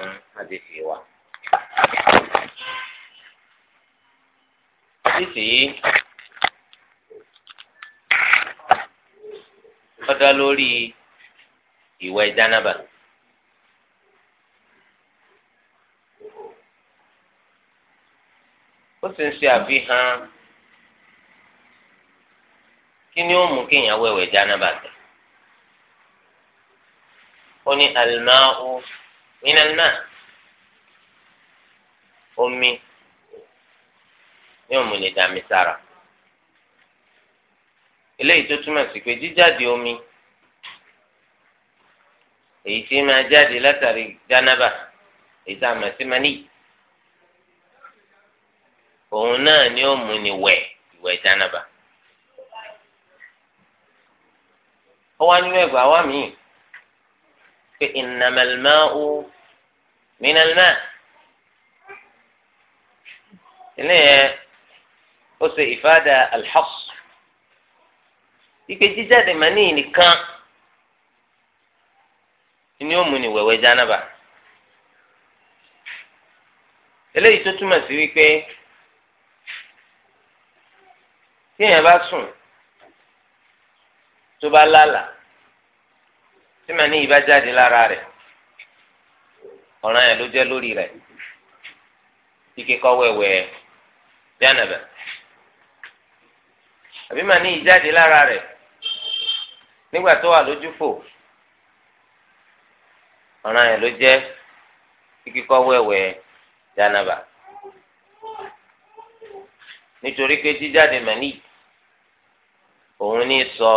mú àdìsí wa. àdìsí yìí ó dá lórí ìwẹ̀ jánábà. ó sì ń ṣe àfihàn kí ni ó mú kéèyàn wẹ̀wẹ̀ jánábà tẹ̀. ó ní alimau nínú náà omi yóò mú lè dá mi sára eléyìí tó túmọ̀ sí pé jíjáde omi èyí tí máa jáde látàrí jánábà èyí tá a mọ̀ sí maní òun náà ni ó mú ni wẹ̀ ìwẹ̀ jánábà ó wá nínú ẹgbàá wá míì pé innamal ma'u minal ma' ilé yẹn ó ṣe ìfádà al-hass ike jíjáde màní nìkan ni ó mu ní wẹ̀wẹ̀ jánaba eléyìí tó túmọ̀ sí wípé tí èèyàn bá sùn tó bá lálàá. tí màá ní ìbá jáde lára rẹ̀ yẹn ló jẹ́ lórí ike kọ́ wẹ̀wẹ̀ jánàbẹ̀ àbí ma ní ìjáde lára rẹ nígbà tó wà lójú fò ọ̀ràn yẹn ló jẹ́ ike kọ́ wẹ̀wẹ̀ nítorí pé òun sọ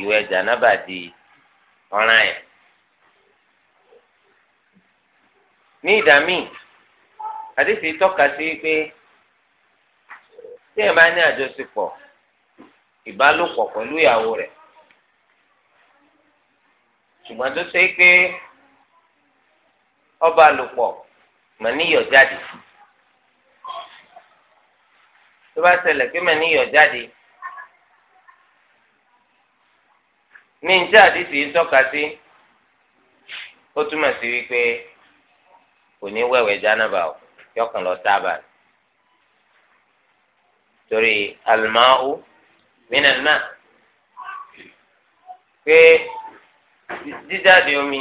ìwẹ̀ ọ̀ràn yẹn. ní ìdá míì àdéhùn tọ́ka sí pé tí ẹ bá ní àjọṣepọ̀ ìbálòpọ̀ pẹ̀lú ìyàwó rẹ̀ ṣùgbọ́n tó ṣe pé ọba àlòpọ̀ níyọ̀ jáde ní njẹ́ àdìsí tọ́ka sí ó túmọ̀ sí wípé kò ní wẹ̀wẹ̀ jánábà o yọkàn lọ tábà torí alimau minalma pé jíjáde omi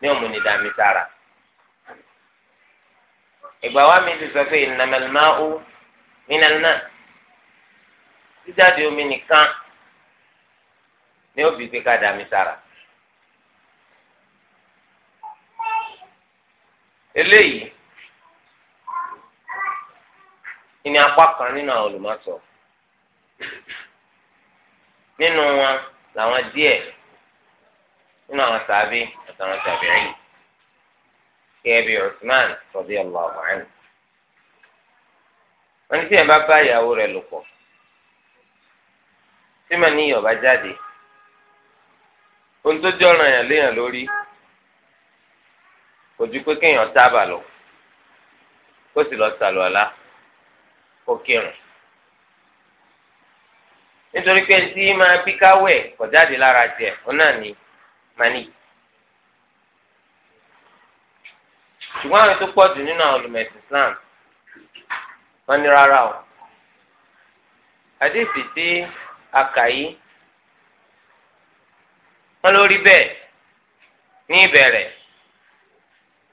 ní òmùnidàmí sára ìgbà wa mi ti sọ pé innamal ma'u jíjáde omi nìkan ní òbí pé ká dà mí sára. eléyìí ìní apá kan nínú àwọn olùmọ̀sọ̀ nínú wọn làwọn díẹ̀ nínú àwọn sàbí àtàwọn tàbíìn kẹbi Usman radiyallahu anhu wọn ní tí yẹn bá bá ìyàwó rẹ̀ lò pọ̀ tí mà níyọ̀ bá jáde ohun tó jọ̀ràn yàn léèyàn lórí kò ju pé kéèyàn tábà lọ kó sì lọ sàlùwàlá kó kírun nítorí pé tí máa bí káwẹ̀ kò jáde lára tiẹ̀ ó náà ní mani. ṣùgbọ́n àwọn tó pọ̀ jù nínú àwọn olùmẹ̀sìn Islam wọ́n ní rárá o àdéhìí tí a wọn lórí bẹ́ẹ̀ ní ìbẹ̀rẹ̀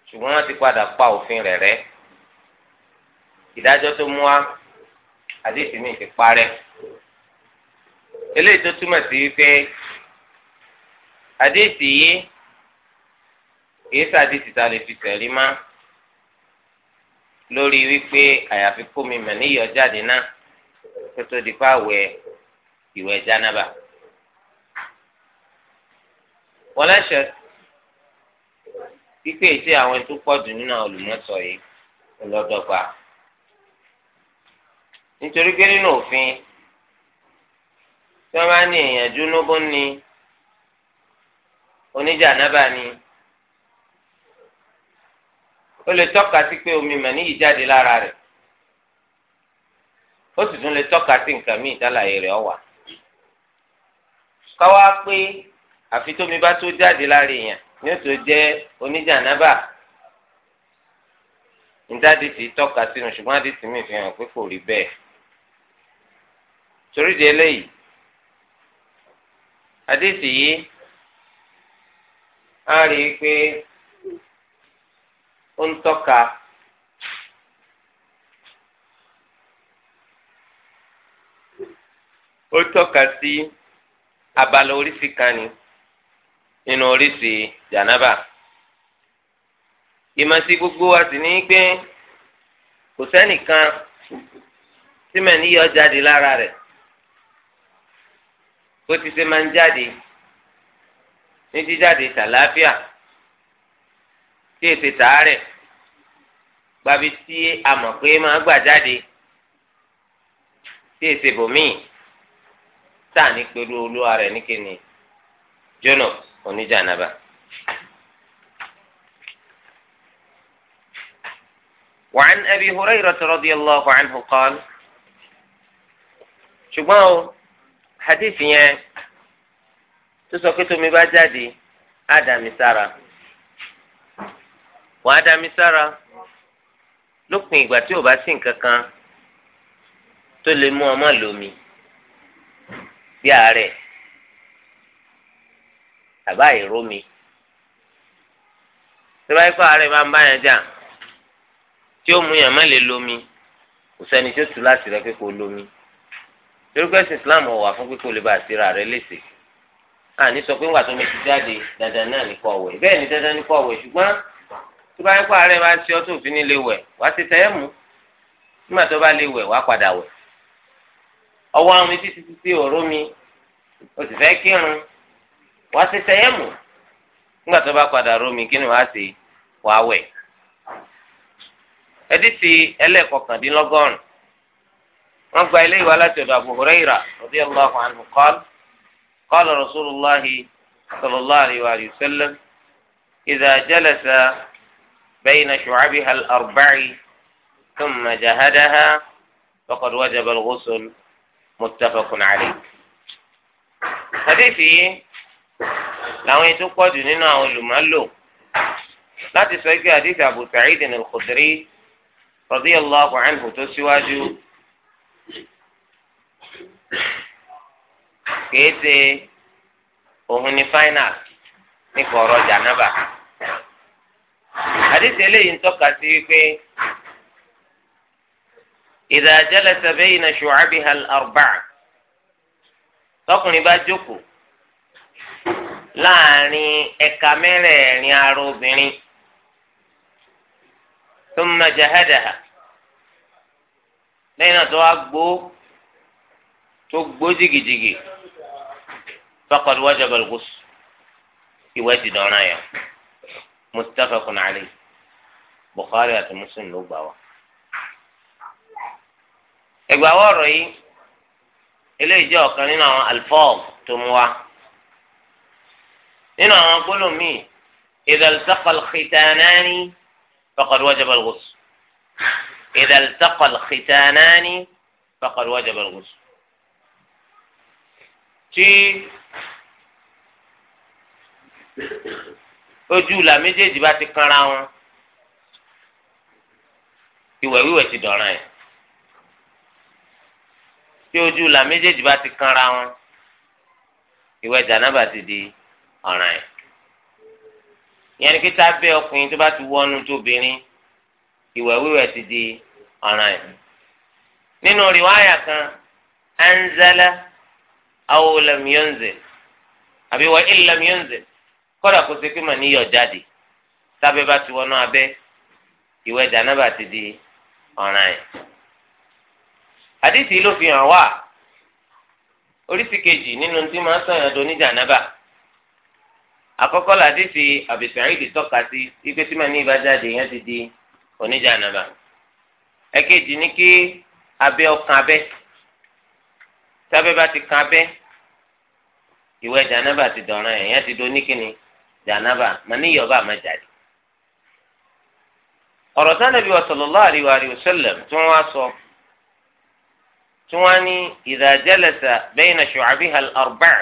ṣùgbọ́n wọ́n ti padà pa òfin rẹ̀ rẹ́ ìdájọ́ tó mú wa àdéhùn mi ti parẹ́ eléyìí tó túmọ̀ sí wípé àdéhùn yìí kìí sàdéhùn ta lè fi tẹ̀lé má lórí wípé àyàfi kó mi mọ̀ níyọ̀ jáde náà tó tó di pa àwẹ̀ ìwẹ̀ jánábà. wọ́n lẹ́sẹ̀ pípé tí àwọn tó pọ̀jù nínú olùmọ̀sọ yìí ńlọ́dọ́gba nítorí pé nínú òfin tí wọ́n bá ní èèyàn dúnúbó ni oníjànábà ni ó lè tọ́ka sí pé omi mà níyì jáde lára rẹ̀ ó sì tún lè tọ́ka sí nǹkan míì dálàyé rẹ̀ ọ̀wà káwá àfi tómi bá tó jáde lára èèyàn ní o tó jẹ́ oníjànábà níjáde ti tọ́ka sínú ṣùgbọ́n àdìsí mi fi hàn pé kò rí bẹ́ẹ̀ torí di eléyìí àdìsí yìí á rí i pé ó ń tọ́ka. ó tọ́ka sí abala oríṣi kan ni. nínú oríṣi jànábà ìmọ̀sí gbogbo wa sì ní pé kò sẹ́nìkan tí mẹ́ni lara jáde lára rẹ̀ bó ti ṣe máa ń jáde ní jíjáde tí tààrẹ̀ gbabi tí a mọ̀ pé máa gbà jáde tí èsè bòmíì tá à ní pẹ̀lú olúwa rẹ̀ oníjànàbà وعن أبي هريرة رضي الله عنه قال ṣùgbọ́n o hadith yẹn tó sọ pé tómi bá jáde á dà mí sára wàá dà mí sára lópin ìgbà tí ò bá sí nǹkan kan tó lè mú ọmọ lómi bí àárẹ̀ àbá ìrómi tẹ́lá ikọ̀ ààrẹ bá ń bá yẹn jà tí ó mú yàn má lè lomi kò sẹ́ni tí ó tù láti rẹ pé lomi torípé ẹ̀sìn Islam ọ̀wà fún pé kò lè bá àṣírà rẹ léṣe àní sọ pé ńgbà tó mi ti jáde dandan náà ní kó bẹ́ẹ̀ ni dandan ní kó wẹ̀ ṣùgbọ́n tó bá ikọ̀ ààrẹ bá ṣe ọ́ tó fi ní lè wẹ̀ wá ti tẹ́ ẹ̀ mú nígbà tó bá lè wẹ̀ wá padà wẹ̀ ọwọ́ àwọn mi títí títí òró mi o sì fẹ́ kírun wàá ṣe tẹ̀yẹ́mù nígbà tó bá padà rómi kí ni wàá ṣe wàá wẹ̀. ẹdítì ẹlẹ́ẹ̀kọkàndínlọ́gọ́rùn wọ́n gba ilé ìwà láti ọ̀dọ̀ Abu Hurairah radiyallahu anhu qala qala rasulullahi sallallahu alayhi wa sallam idha jalasa bayna shu'abiha al-arba'i thumma jahadaha faqad wajaba al-ghusl muttafaqun alayh làwọn ètò pọ̀jù nínú àwọn olùmọ̀lò láti sọ pé àdìsí Abu Sa'id al-Khudri radiyallahu anhu tó síwájú kìí ṣe òun ní final nípa ọ̀rọ̀ jànábà àdìsí eléyìí ń tọ́ka sí wípé idha jalasa bayna shu'abiha al-arba'a tọkùnrin bá jókòó láàrin ẹ̀ka mẹ́rẹ̀ẹ̀rin ara obìnrin thumma jahadaha lẹ́yìn náà tó wá gbó tó gbó jìgìjìgì faqad wajaba al-ghusl ìwẹ̀ ti dọ̀ràn yẹn muttafaqun alayhi Bukhari àti Muslim ló gbà wá. ẹgbàá wọ̀rọ̀ yìí eléyìí jẹ́ ọ̀kan nínú àwọn alfọ́ọ̀mù tó mú wa nínú àwọn gbólóhùn míì idha iltaqa al-khitanani faqad wajaba al-ghusl idha iltaqa al-khitanani faqad wajaba al-ghusl. tí ojú la méjèèjì bá ti kanra wọn ìwẹ̀ wíwẹ̀ ti dọ̀ràn yẹn tí ojú la méjèèjì bá ti kanra wọn ìwẹ̀ jànábà ti di ọ̀ràn yẹn ìyẹn ni kíta bẹ ọkùnrin tó bá ti wọnú tóbìnrin ìwẹ̀ wíwẹ̀ ti di ọ̀ràn yẹn nínú rìwáyà kan anzala aw lam yunzil àbí wa illam yunzil kódà kó ṣe pé mà níyọ̀ jáde tábẹ́ bá ti wọnú abẹ́ ìwẹ̀ jànábà ti di ọ̀ràn yẹn àdìsí ló fi hàn wá oríṣi kejì nínú tí máa sọ̀yàn do ní jànábà àkọ́kọ́ la ti fi Abi Sa'id tọ́ka sí ipe tí màá ní ìbájáde yẹn ti di oníjànàbà ẹ̀kejì ní kí abẹ́ ọkàn abẹ́ tábẹ́ bá ti kan abẹ́ ìwẹ̀ jànàbà ti dọ̀ràn yẹn yẹn ti di oníkíni jànàbà màá ní ìyọ̀bà má jáde ọ̀rọ̀ sanabi wa sallallahu alayhi wa alayhi tí wọ́n wá tí wọ́n ní idha jalasa bayna shu'abiha al-arba'a.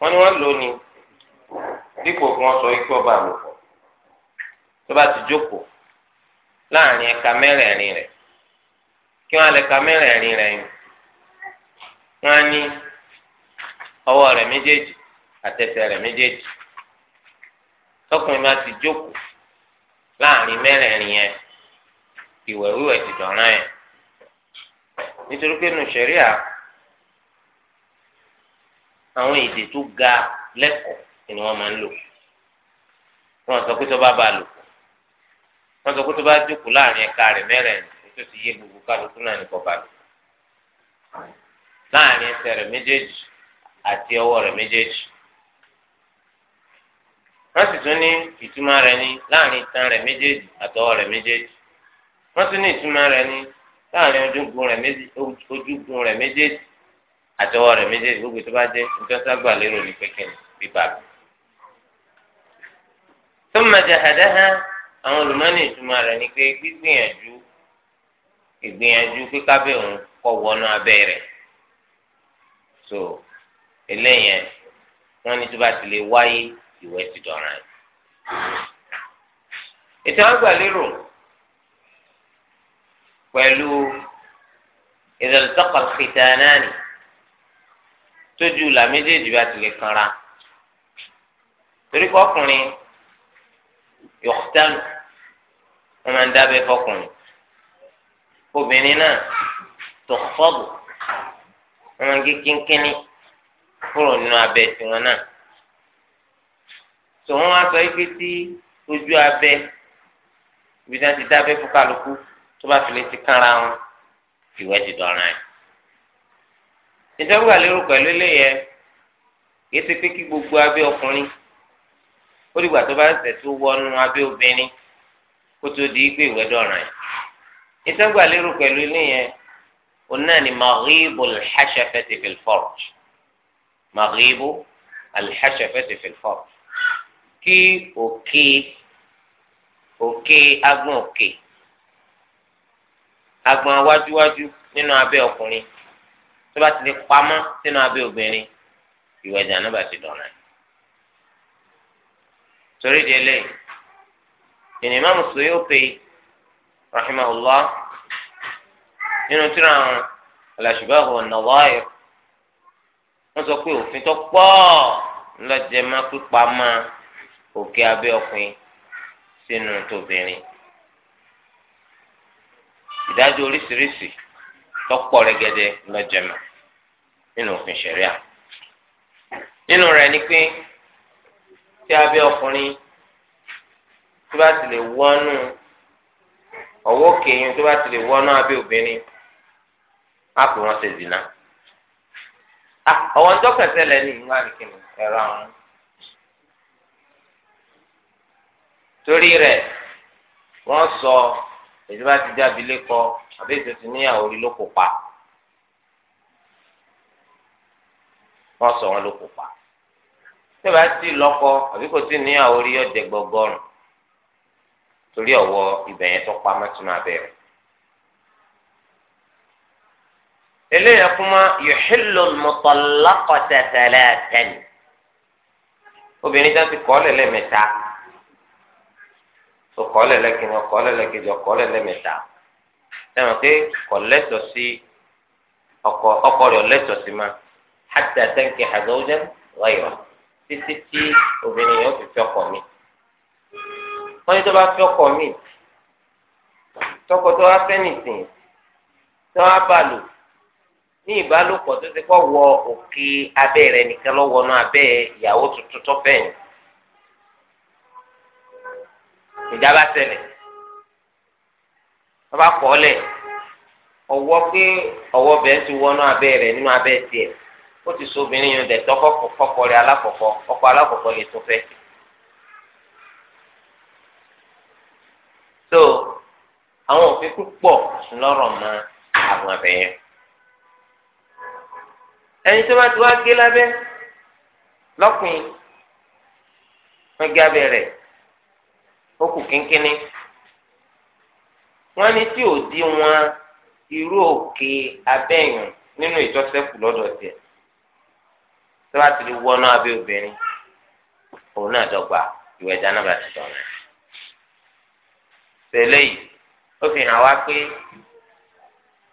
wọ́n ní wọ́n lò ní dípò kí wọ́n sọ ikú ọba àlòpọ̀ tó bá ti jókòó láàrin ẹ̀ka mẹ́rẹ̀ẹ̀rin rẹ̀ kí wọ́n alẹ́ka mẹ́rẹ̀ẹ̀rin rẹ̀ yìí wọ́n á ní ọwọ́ rẹ̀ méjèèjì àtẹsẹ̀ rẹ̀ méjèèjì tọkùnrin bá ti jókòó láàrin mẹ́rẹ̀ẹ̀rin yẹn ìwẹ̀wíwẹ̀ ti dọ̀ràn yẹn nítorí pé nù sẹ́ríà àwọn èdè tó ga lẹ́kọ̀ọ́ ni wọ́n máa ń lò wọ́n sọ pé tó bá bá lò wọ́n sọ pé tó bá jókòó láàrin ẹ̀ka rẹ̀ mẹ́rẹ̀ẹ̀rin tó ti yé gbogbo kálukú náà ní kọba lò láàrin ẹsẹ̀ rẹ̀ méjèèjì àti ọwọ́ rẹ̀ méjèèjì wọ́n sì tún ní ìtumọ̀ rẹ̀ ní láàrin itan rẹ̀ méjèèjì àtọwọ́ rẹ̀ méjèèjì wọ́n tún ní ìtumọ̀ rẹ̀ ní láàrin ojúgun rẹ̀ méjèèjì àtẹwọ́ rẹ̀ méjèèjì gbogbo tó bá jẹ́ nítorí sábà lérò ní pékinì bíbá mi. tó mẹjẹ àdáhà àwọn olùmọ́ni ìtumọ̀ rẹ̀ ni pé gbígbìyànjú ìgbìyànjú kíkábẹ́ òun kọ́ wọnú abẹ́ rẹ̀ so eléyẹn wọ́n ní tó bá ti lè wáyé ìwé ti dọ̀ràn yìí. ètò àgbà lérò pẹ̀lú ìdàlùtọ́kọ̀ fìtánánì tójú là méjèèjì bá tilẹ̀ kanra torí kọkùnrin yọ̀kútàlù wọn máa ń dábẹ́ fọkùnrin obìnrin náà tọ̀fọ́bù wọn máa ń gé kínkínní kúrò nínú abẹ́ tiwọn náà tò wọn wá sọ pé tí ojú abẹ́ ibi tí wọn ti dábẹ́ fún kálukú tó bá tilẹ̀ ti kanra wọn ìwẹ́ ti dọ̀ràn yìí nítorí wà lérò pẹ̀lú eléyẹ kìí ṣe pé kí gbogbo abẹ́ ọkùnrin ó dìgbà tó bá ṣẹ̀ tó wọnú abẹ́ obìnrin kó tó di gbé ìwé dọ̀ràn yìí nítorí wà lérò pẹ̀lú eléyẹ òun náà ni maghribu alhashafati fil farj maghribu alhashafati fil farj kí òkè òkè agbọ̀n òkè agbọ̀n awájúwájú nínú abẹ́ ọkùnrin tó bá ti lè pamọ́ sínú abẹ́ obìnrin ìwẹ̀ jànábà ti dọ̀ràn torí di eléyìí ìní Imam Suyuti rahimahullah nínú tíra àwọn al-ashbah wan-nadha'ir wọ́n sọ pé òfin tó pọ̀ ńlọjẹ má pípa má òkè abẹ́ ọkùnrin sínú tóbìnrin ìdájọ́ oríṣiríṣi. tọpọ rẹgẹdẹ lọjọmọ nínú òfin ṣẹríà nínú rẹ̀ ni pé tí abẹ́ ọkùnrin tó bá ti lè wọnú ọwọ́ kẹyìn bá ti lè wọnú abẹ́ obìnrin á pè wọn ṣe zina ọwọ́ ń dọkẹtẹ ìwà nìkìnnì ẹ̀rọ àwọn torí sọ. èyí bá ti jáde lẹ́kọ àbí ètò ti níyàwó rí ló pa wọ́n sọ wọn ló pa tí bá ti lọ́kọ àbí kò ti níyàwó rí ọ̀jẹ̀ gbọgọ́rùn torí ọ̀wọ́ ibẹ̀ yẹn tó pamọ́ sínú abẹ́rẹ́ eléyà kuma yòhìlò mọ̀tọ́lákọ̀tẹ̀tẹ̀lẹ̀ tẹ̀lé obìnrin tó ti kọ́ lẹ́lẹ́mẹ̀ta. ọkọọlẹ lẹkìnní ọkọọlẹ lẹkìnní ọkọọlẹ lẹmẹta sẹwọn pé ma hàtà sẹńkì àgbọwọjẹ wáyọ títí tí obìnrin yẹn mi wọn tó bá mi tọkọtọ fẹ́ nìsín tí ní ìbálòpọ̀ tó ti wɔ òkè ìjábá ṣẹlẹ̀ wọ́n bá kọ́ lẹ̀ ọwọ́ pé ọwọ́ bẹ́ẹ̀ ti wọnú abẹ́ rẹ̀ nínú abẹ́ tiẹ̀ ó ti so obìnrin yẹn dẹ̀ tọ́kọ́ kọ́kọ́ rẹ̀ alákọ̀ọ́kọ́ ọkọ alákọ̀ọ́kọ́ lè tó fẹ́. so àwọn òfin púpọ̀ lọ́rọ̀ mọ́ àwọn abẹ́ yẹn. ẹni tó bá ti wá gé lábẹ́ lọ́kùnrin wọ́n gé abẹ́ rẹ̀. ó kù kínkínní wọ́n ní tí ò di wọn irú òkè abẹ́yàn nínú ìjọsẹ́kù lọ́dọ̀ tiẹ̀ tí wọ́n ti lè wọnú abẹ́ obìnrin òun náà dọ́gba ìwẹ̀ ìdáná bá ti dọ̀nà tẹ̀lé yìí ó fi hàn wá pé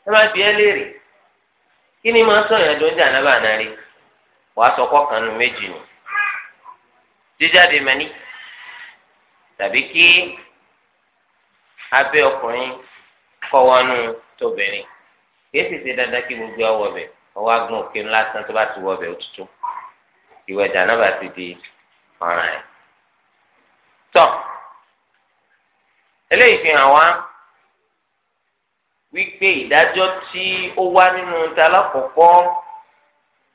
ẹ má bí ẹ léèrè kí ni máa sọ ìyàdó ń dáná bá náà rí wàá sọ kọ́kànnù méjì nù jíjáde mẹ́ni. tàbí kí abẹ́ ọkùnrin kọ́ wọnú tóbìnrin kìí sì ṣe dandan kí gbogbo ọwọ́ bẹ̀ ọwọ́ agun òkè ńlá tán tó bá ti wọ́ bẹ̀ òtútù ìwẹ̀ jànábà ti di ọ̀ràn ẹ̀. tọ́ eléyìí fi hàn wá wípé ìdájọ́ tí ó wá nínú talákọ̀ọ́kọ́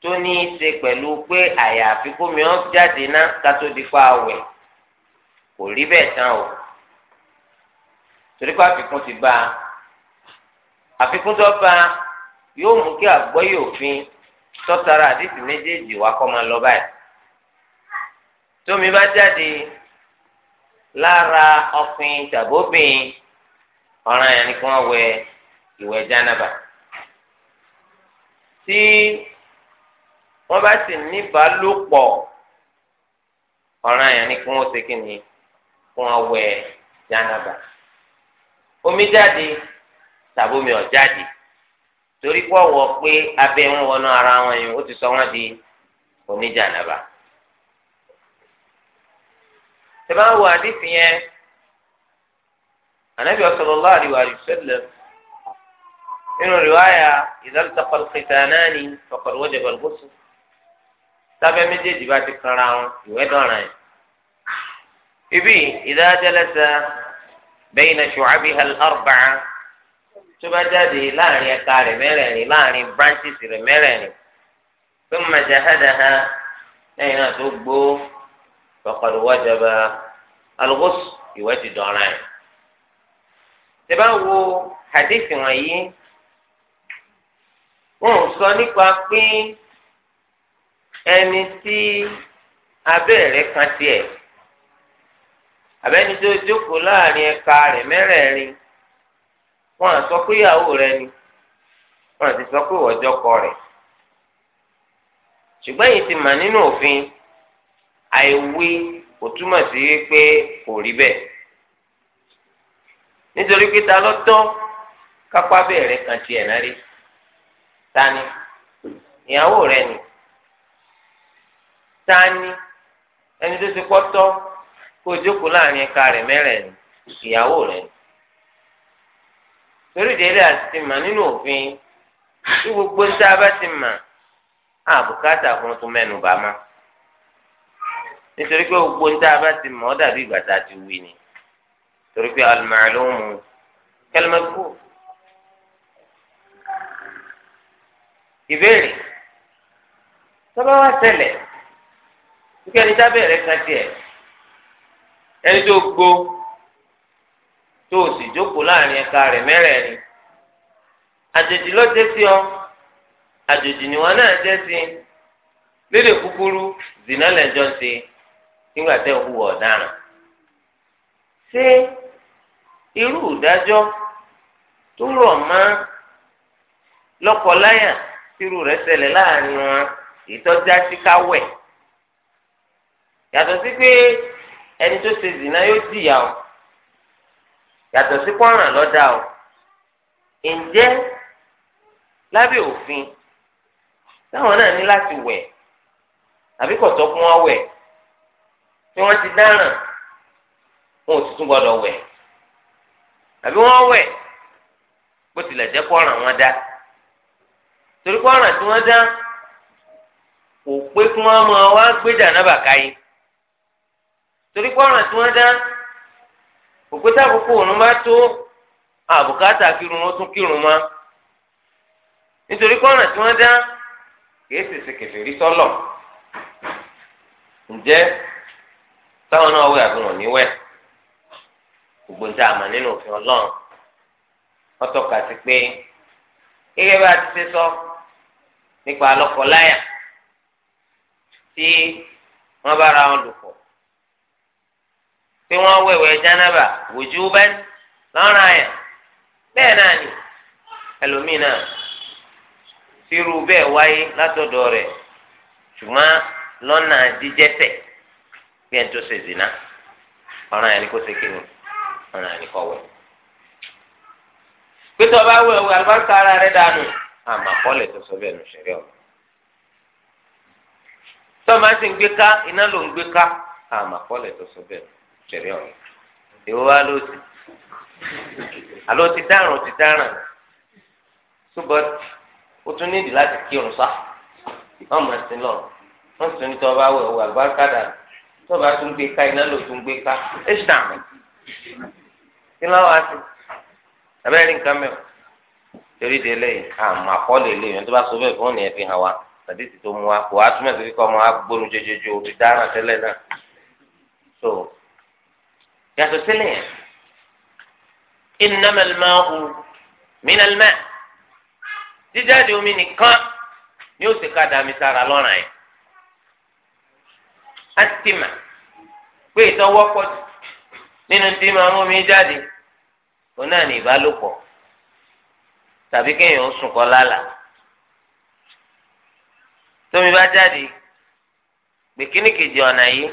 tó ní í ṣe pẹ̀lú pé àyàfi kómi ọ́ jáde ná ká tó di pa awẹ̀ kò rí bẹ́ẹ̀ tán o torí pé àfikún ti bá a àfikún tó bá a yóò mú kí àgbọ́yé òfin tọ́tara àdìsí méjèèjì wá kọ́ máa lọ báyìí tómi bá jáde lára ọ̀fin tàbóbìn ọ̀ràn yẹn ni kí wọ́n wẹ ìwẹ̀ jánaba tí wọ́n bá sì ní ìbálòpọ̀ ọ̀ràn yẹn ni kí wọ́n ṣe kí ni. wọn wẹ jánaba omi jáde tàbómi ọ̀jáde torí pé wọ pé abe wọn wọnú ara wọn yìí ó ti sọ wọn di oníjànàbà tẹ́lá wo àdìsí yẹn anabi sallallahu alaihi wa sallam nínú rìwáyà idha iltaqal khitanani faqad wajaba méjèèjì bá ti kanra wọn yìí. ibi idha jalasa bayna shu'abiha al-arba'a tó bá jáde láàrin ẹ̀ka rẹ̀ mẹ́rẹ̀ẹ̀rin láàrin branches rẹ̀ mẹ́rẹ̀ẹ̀rin thumma jahadaha lẹ́yìn náà tó gbó faqad wajaba al-ghusl ìwẹ̀ ti dọ̀ra ẹ̀. tẹ bá wo hadith wọ̀nyí wọn sọ nípa pé ẹni tí abẹ́rẹ́ kan tiẹ̀. àbẹ́ni tó jókòó láàrin ẹ̀ka rẹ̀ mẹ́rẹ̀ẹ̀rin wọn à sọ pé rẹ ni wọn àti sọ pé ìwọ́jọ́ kọ rẹ̀ ti mà nínú òfin àìwí kò túmọ̀ sí wípé kò rí bẹ́ẹ̀ nítorí pé ta ló tọ́ kápá bẹ̀rẹ̀ kan tiẹ̀ náà rí ìyàwó rẹ ni ẹni tó ti kó o jókòó láàrin ẹ̀ka rẹ̀ mẹ́rẹ̀ ìyàwó rẹ̀ torí ìdílé àti ti mà nínú òfin tí gbogbo ń tá a bá ti mà á bùkátà fún tún mẹ́nu bá má nítorí pé gbogbo ń tá a bá ti mà ó dàbí ìgbà tá a ti wí ni torí pé al-ma'lumu kal-madhkur ìbéèrè tọ́ba wá ṣẹlẹ̀ nígbà tí tábìlì rẹ̀ kan tiẹ̀. ẹni tó gbó tó o sì jókòó láàrin ẹka rẹ ló sí ọ àjèjì ni wọn náà jẹ́ sí lédè kúkúrú zina lẹ́jọ́ ṣe nígbà tẹ́ ń ọ̀daràn ṣé irú ìdájọ́ tó rọ mọ́ lọ́kọláyà tírú rẹ̀ ẹni tó ṣe zina yóò jìyà o yàtọ̀ sí kọ́ràn lọ́dà o ǹjẹ́ lábẹ́ òfin táwọn náà ní láti wẹ̀ àbí kọ̀tọ́ fún wọn wẹ̀ tí wọ́n ti dáràn wọn ò tuntun gbọ́dọ̀ wẹ̀ àbí wọ́n wẹ̀ bó tilẹ̀ jẹ́ kọ́ràn wọn dá torí kọ́ràn tí wọ́n dá kò pé kí wọ́n máa wá torí pé ọ̀ràn tí wọ́n dá òkúta àkókò òrùn bá tó àbùkátà kírun ó tún kírun mọ́ nítorí pé ọ̀ràn tí wọ́n dá kìí sèse kèfèrí sọ́lọ̀ ǹjẹ́ táwọn náà wẹ̀ àbí wọn ní wẹ̀ gbogbo níta àmà nínú òfin ọlọ́run wọ́n tọ́ka pé gẹ́gẹ́ bá a ti ṣe sọ nípa lọ́kọláya tí wọ́n bá ra wọn lò pọ̀ pé wọ́n wẹ̀wẹ̀ jánábà wòjú bẹ́ẹ̀ lọ́rùn àyà bẹ́ẹ̀ náà ni ẹlòmíì náà tírú wáyé látọ̀dọ̀ rẹ̀ ṣùgbọ́n lọ́nà jíjẹ́tẹ̀ bí ẹni tó ṣe zina àyà ni kò ṣe kéwìn ọ̀ràn àyà ni kò wẹ̀ pété ọba wẹ̀ alùpàṣẹ ara rẹ̀ dànù àmà tó sọ nù tẹ̀lé ọ̀rọ̀ èwo wá ló ti àlọ́ ti dáràn ti dáràn ṣùgbọ́n o tún nídìí láti kírun sá wọ́n mọ̀ sí lọ wọ́n sì ní tí wọ́n bá wẹ̀ wọ àgbàkadà tí wọ́n bá tún gbé ká iná ló tún gbé ká ẹ̀ ṣì dàmú kí ló wá sí abẹ́rẹ́ nǹkan mẹ́wàá torí de lẹ́yìn àmọ́ àkọọ́lẹ̀ lẹ́yìn tó bá so bẹ́ẹ̀ fún nìyẹn fi hàn wá tàbí ti tó mu wa kò wá túmọ̀ sí kíkọ́ ọmọ agbóhùn jẹjẹjẹ orí dáná tẹ́lẹ̀ náà so yàtọ̀ sílẹ̀ yẹn innamal ma'u minal ma' jíjáde omi nìkan ni ó sì ká dàmí sára lọ́ràn yẹn á ti mà pé ìtọ́wọ́ pọ̀ jù nínú tí màá mú mi jáde òun náà ní ìbálòpọ̀ tàbí kéèyàn ó sùn lálàá tómi bá jáde gbèkínní ọ̀nà yìí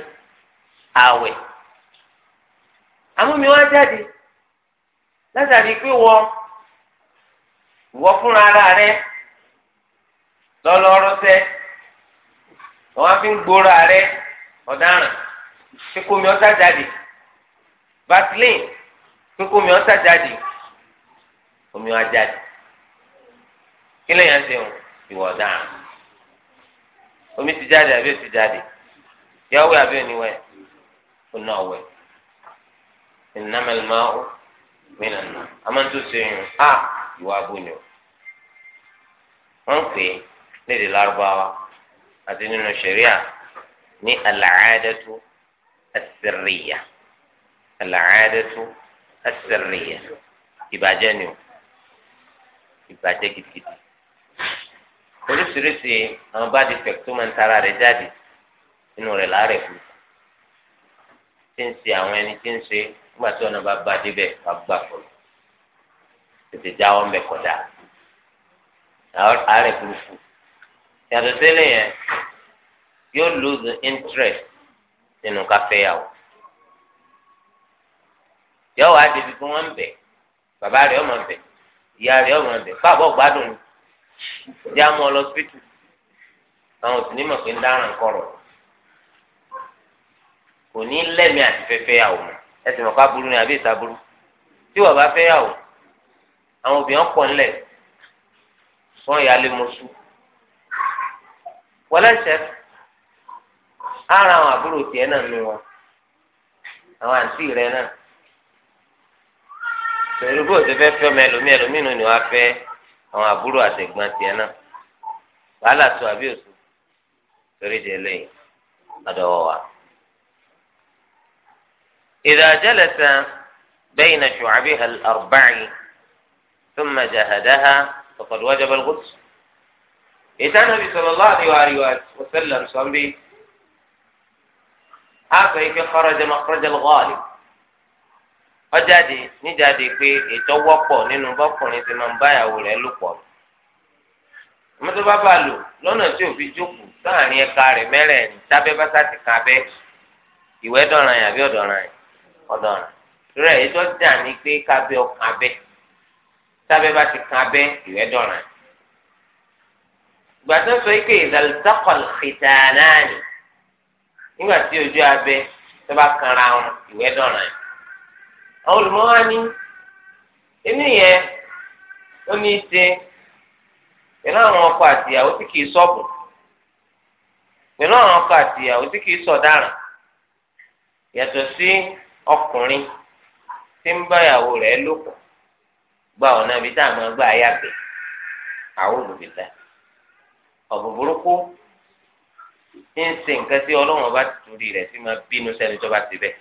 àwẹ̀. àmúmi wá jáde látàrí pé wọ ìwọ fúnra ara rẹ lọlọrọ sẹ wọn fi ń gbóra rẹ ọ̀daràn kíkómi ọtá jáde vaseline kíkómi ọtá jáde omi wa jáde kí lèyàn ṣe ń ìwọ ọ̀daràn omi ti jáde àbí ti jáde yàwé àbí oníwẹ ọ̀nà ọ̀wẹ́. innamal ma'u minan nar amátúnṣe yìí a ìwà abóni o wọn pè é lédè lárúbáwá àti nínú ṣẹríà ní al-'adatu as-sirriya al-'adatu as-sirriya ìbàjẹ́ ni o ìbàjẹ́ gidigidi oríṣiríṣi àwọn bá di pẹ̀tù máa ń tara rẹ̀ jáde inú rẹ̀ láàrẹ̀ fún un tí ń ṣe àwọn ẹni tí ń ṣe nígbà tí ọ̀nà bá bá débẹ̀ wà gbà fọlọ́ tètè jáwọ́ ń bẹ kọjá àárẹ̀ burúkú yàtọ̀ sílẹ̀ yẹn yóò lose interest nínú káfẹ́yàwó yọ wá débi kí wọ́n ń bẹ̀ bàbá rẹ̀ ọmọ bẹ̀ ìyá rẹ̀ ọmọ bẹ̀ fáàbọ̀ gbádùn ìyá mọ́ ọ lọ àwọn òsì ní mọ̀ pé ń dáràn kọ̀rọ̀ kò ní lẹ́mìí àti fẹ́fẹ́ yàwó mọ́ ẹsìn ọ̀pá burú ni àbí ìta burú tí wọ́n bá fẹ́ yà wò àwọn obìnrin pọ̀ ńlẹ̀ wọ́n yà lé mọ́sù wọ́n lẹ́sẹ̀ ara àwọn àbúrò tiẹ̀ náà nù wọn àwọn àǹtí rẹ̀ náà pẹ̀lú bó ṣe fẹ́ fẹ́ ọmọ ẹlòmí ẹlòmí nù ni wọ́n á fẹ́ àwọn àbúrò àtẹ̀gbọ́n tiẹ̀ náà wàhálà tó àbí òṣù torí di eléyìí lọ́dọ̀ wọ̀ إذا جلس بين شعبها الأربع ثم جهدها فقد وجب الغسل إذا النبي صلى الله عليه وسلم صلي هذا خرج مخرج الغالب ọjáde níjáde pé ètò wọ́pọ̀ nínú bọ́kùnrin ti máa ń báyàwó rẹ̀ lò pọ̀ mọ́tò bá bá lò lọ́nà tí òfin jókòó sáàrin ẹ̀ka rẹ̀ mẹ́rẹ̀ẹ̀rin tábẹ́ bá sá ti kan abẹ́ ìwẹ́ yàn àbí ọ̀dọ̀ràn yàn ọ̀daràn rẹ̀ ètò dà ní pé kábẹ́ ọkàn abẹ́ tábẹ́ bá ti kan abẹ́ ìwẹ́ dọ̀ràn. ìgbà tó ń sọ pé ìdàlùtàkọ̀l fìtàlánì nígbà tí ojú abẹ tó bá kanra wọn ìwẹ́ dọ̀ràn. àwọn olùmọ́wá ní inú yẹn ó ní í ṣe pẹ̀lú àwọn ọkọ àtìyàwó tí kìí sọ́ọ̀bù pẹ̀lú àwọn ọkọ àtìyàwó tí kìí sọ̀daràn yàtọ̀ sí. ọkùnrin tí ń báyàwó ìyàwó rẹ̀ lò gba ọ̀nà ibi tá a máa gbà yàgbẹ́ àwọn olùdílé ọ̀bùn burúkú ń ṣe nǹkan tí ọlọ́run bá torí rẹ̀ sí máa bínú sẹ́ni tó bá ti bẹ̀.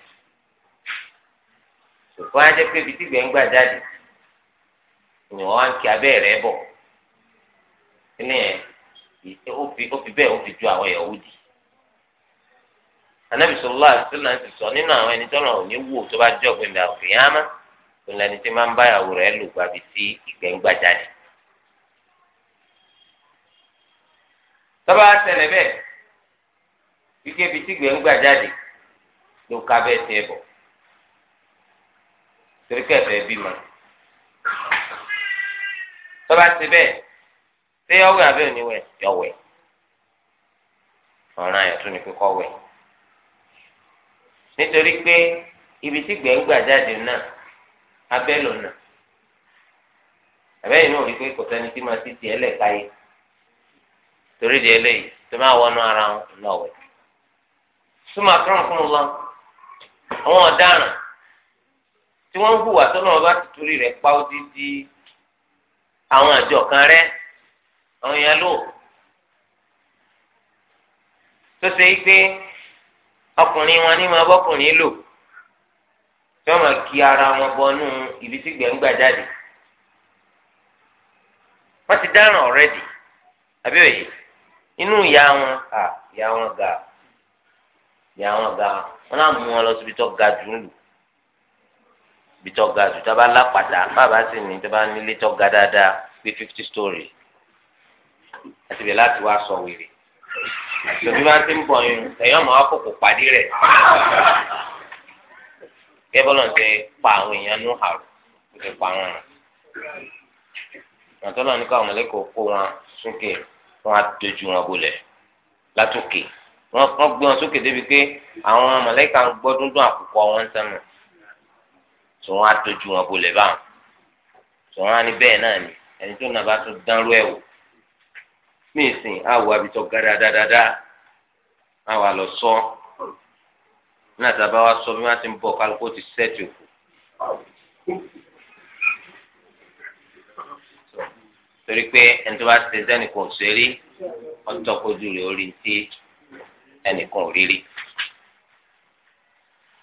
anabi sọlá àtúnlá ti sọ nínú àwọn ẹni tọ́lọ̀ òní wò tó bá jọ pé ndà òfin yá má tó lẹni tí máa ń báyàwó rẹ̀ lò gbàbí sí ìgbẹ́ngbàjà ni. tọ́ba tẹ̀lé bẹ́ẹ̀ wíkẹ́ bíi tí gbẹ̀ngbàjà dé ló ka bẹ́ẹ̀ tẹ́ bọ̀ torí kẹfẹ́ bímọ. tọ́ba ti bẹ́ẹ̀ ṣé ọwẹ́ àbẹ́ òníwẹ̀ yọ̀wẹ̀ ọ̀ràn àyàtúni kíkọ́ wẹ̀. nítorí pé ibi tí gbẹ̀ngbà jáde náà abẹ́ lòna abẹ́yìn náà rí i pé kò sẹ́ni tí máa ti di lẹ̀ káyé torí di ẹlẹ́yìí tó máa wọnú ara wọn lọ́wọ́ súnmọ́ àtúrọ̀ fún un lọ àwọn ọ̀daràn tí wọ́n ń hùwà tó náà bá tuturi rẹ̀ pa odidi àwọn àjọ kan rẹ̀ àwọn yẹn lò tó ṣe é pé. ọkùnrin wọn ní máa bọ́kùnrin lò tí wọ́n máa kí ara wọn bọnú ibi tí gbẹ̀ngbà jáde wọ́n ti dáràn ọ̀rẹ́dì àbí òye inú ìyá wọn à ìyá wọn ga ìyá wọn ga wọn náà mú wọn lọ síbi tó ga jù ń lù ibi tó ga jù tó bá lápàdá bàbá sì ní tó bá nílé tó ga dáadáa bíi fifty story àti bẹ́ẹ̀ láti wá sọ wèrè lóbi máa ti ń bọ̀ yín ẹ̀yọ́ máa wá kókò pàdé rẹ̀ gẹ́bọ́lọ̀ ṣe pa àwọn èèyàn nú àrùn kò sì pa wọn rìn àtọ́nà ní káwọn mọ̀lẹ́kọ̀ọ́ kó wọn sókè wọn á dojú wọn bolẹ̀ látòkè wọn kàn gbé wọn sókè débi pé àwọn mọ̀lẹ́kà ń gbọ́ dúndún àkùkọ wọn sẹ́nu tí wọn á dojú wọn bolẹ̀ báwọn tí wọn á ní bẹ́ẹ̀ náà ni ẹni tó nàbà tó dánrú ẹ̀ wò ní ìsìn àwọ abitọ gara dáadáa àwọ àlọ sọ ní àtàbá wa sọ bí wọn ti ń bọ kálukó ti sẹẹtì òkú torí pé ẹni tó bá ti tẹsẹ ẹnìkan ò ṣe rí ọtọ kojú rẹ orí ti ẹnìkan ò rí rí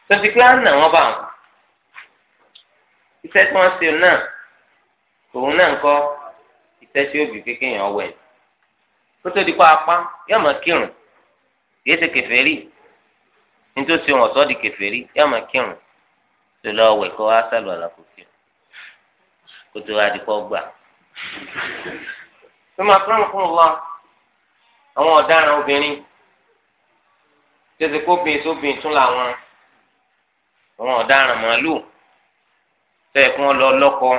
tọ́sí pé á nà wọ́n bá wọn iṣẹ́ tí wọ́n ṣe náà òun náà ń kọ́ iṣẹ́ tí ó bì pé kéèyàn wẹ̀ kótó di kó apá yóò máa kírun kìí ṣe kèfèrí nítòsí wọn sọ di kèfèrí yóò máa kírun tó lọ wẹ̀ kó wá sálù àlàkò kí kótó wá di kó gbà. tó máa fún fún wa àwọn ọ̀daràn obìnrin tètè kóbìn sóbìn tún làwọn àwọn ọ̀daràn màálù tẹ̀ kí wọ́n lọ lọ́kọ̀ọ́.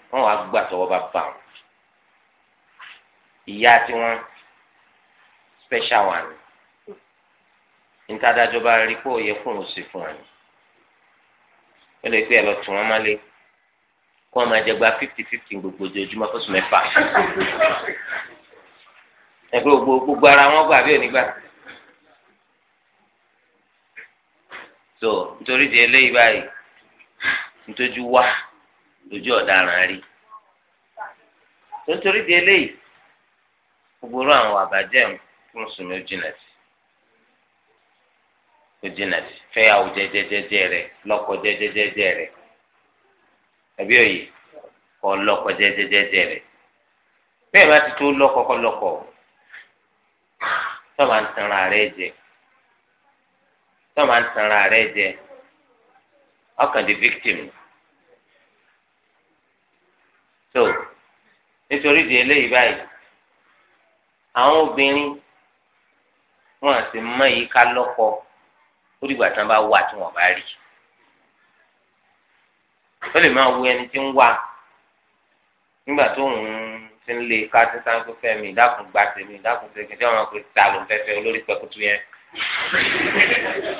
wọn wàá gbà tọwọ́ bá bà wọn ìyá tiwọn special one nítàdájọ́ bá rí pé òye fún òun sì fún wọn ó lè pé ẹ lọ tún wọn má lé kó wọn máa jẹ gba fifty fifty gbogbo ojoojúmọ́ fóṣù mẹ́fà ẹgbẹ́ gbogbo gbogbo ara wọn gbà bí onígbà so nítorí di eléyìí báyìí nítorí wá. lójú ọ̀daràn rí nítorí di eléyìí gbogbo àwọn àbàjẹ́ fún sùnmí ó sí ó sí fẹ́yàwó jẹ́jẹ́jẹ́jẹ́ rẹ̀ lọ́kọ jẹ́jẹ́jẹ́jẹ́ rẹ̀ àbí òye kọ́ lọ́kọ jẹ́jẹ́jẹ́jẹ́ rẹ̀ bẹ́ẹ̀ bá ti tó lọ́kọ tọ́ba ń tanra jẹ di victim so nítorí di eléyìí báyìí àwọn obìnrin wọn àti mọ yìí ká lọ́kọ ó dìgbà tí wọn bá wà tí wọn bá rí ó lè máa wo ẹni tí ń wà nígbà tó ń ti ń lé ká tí sáà ń fẹ́ fẹ́ mi ìdákùn gba tèmi ìdákùn tèmi tí wọn máa pe ta ló ń fẹ́ olórí pẹkutu yẹn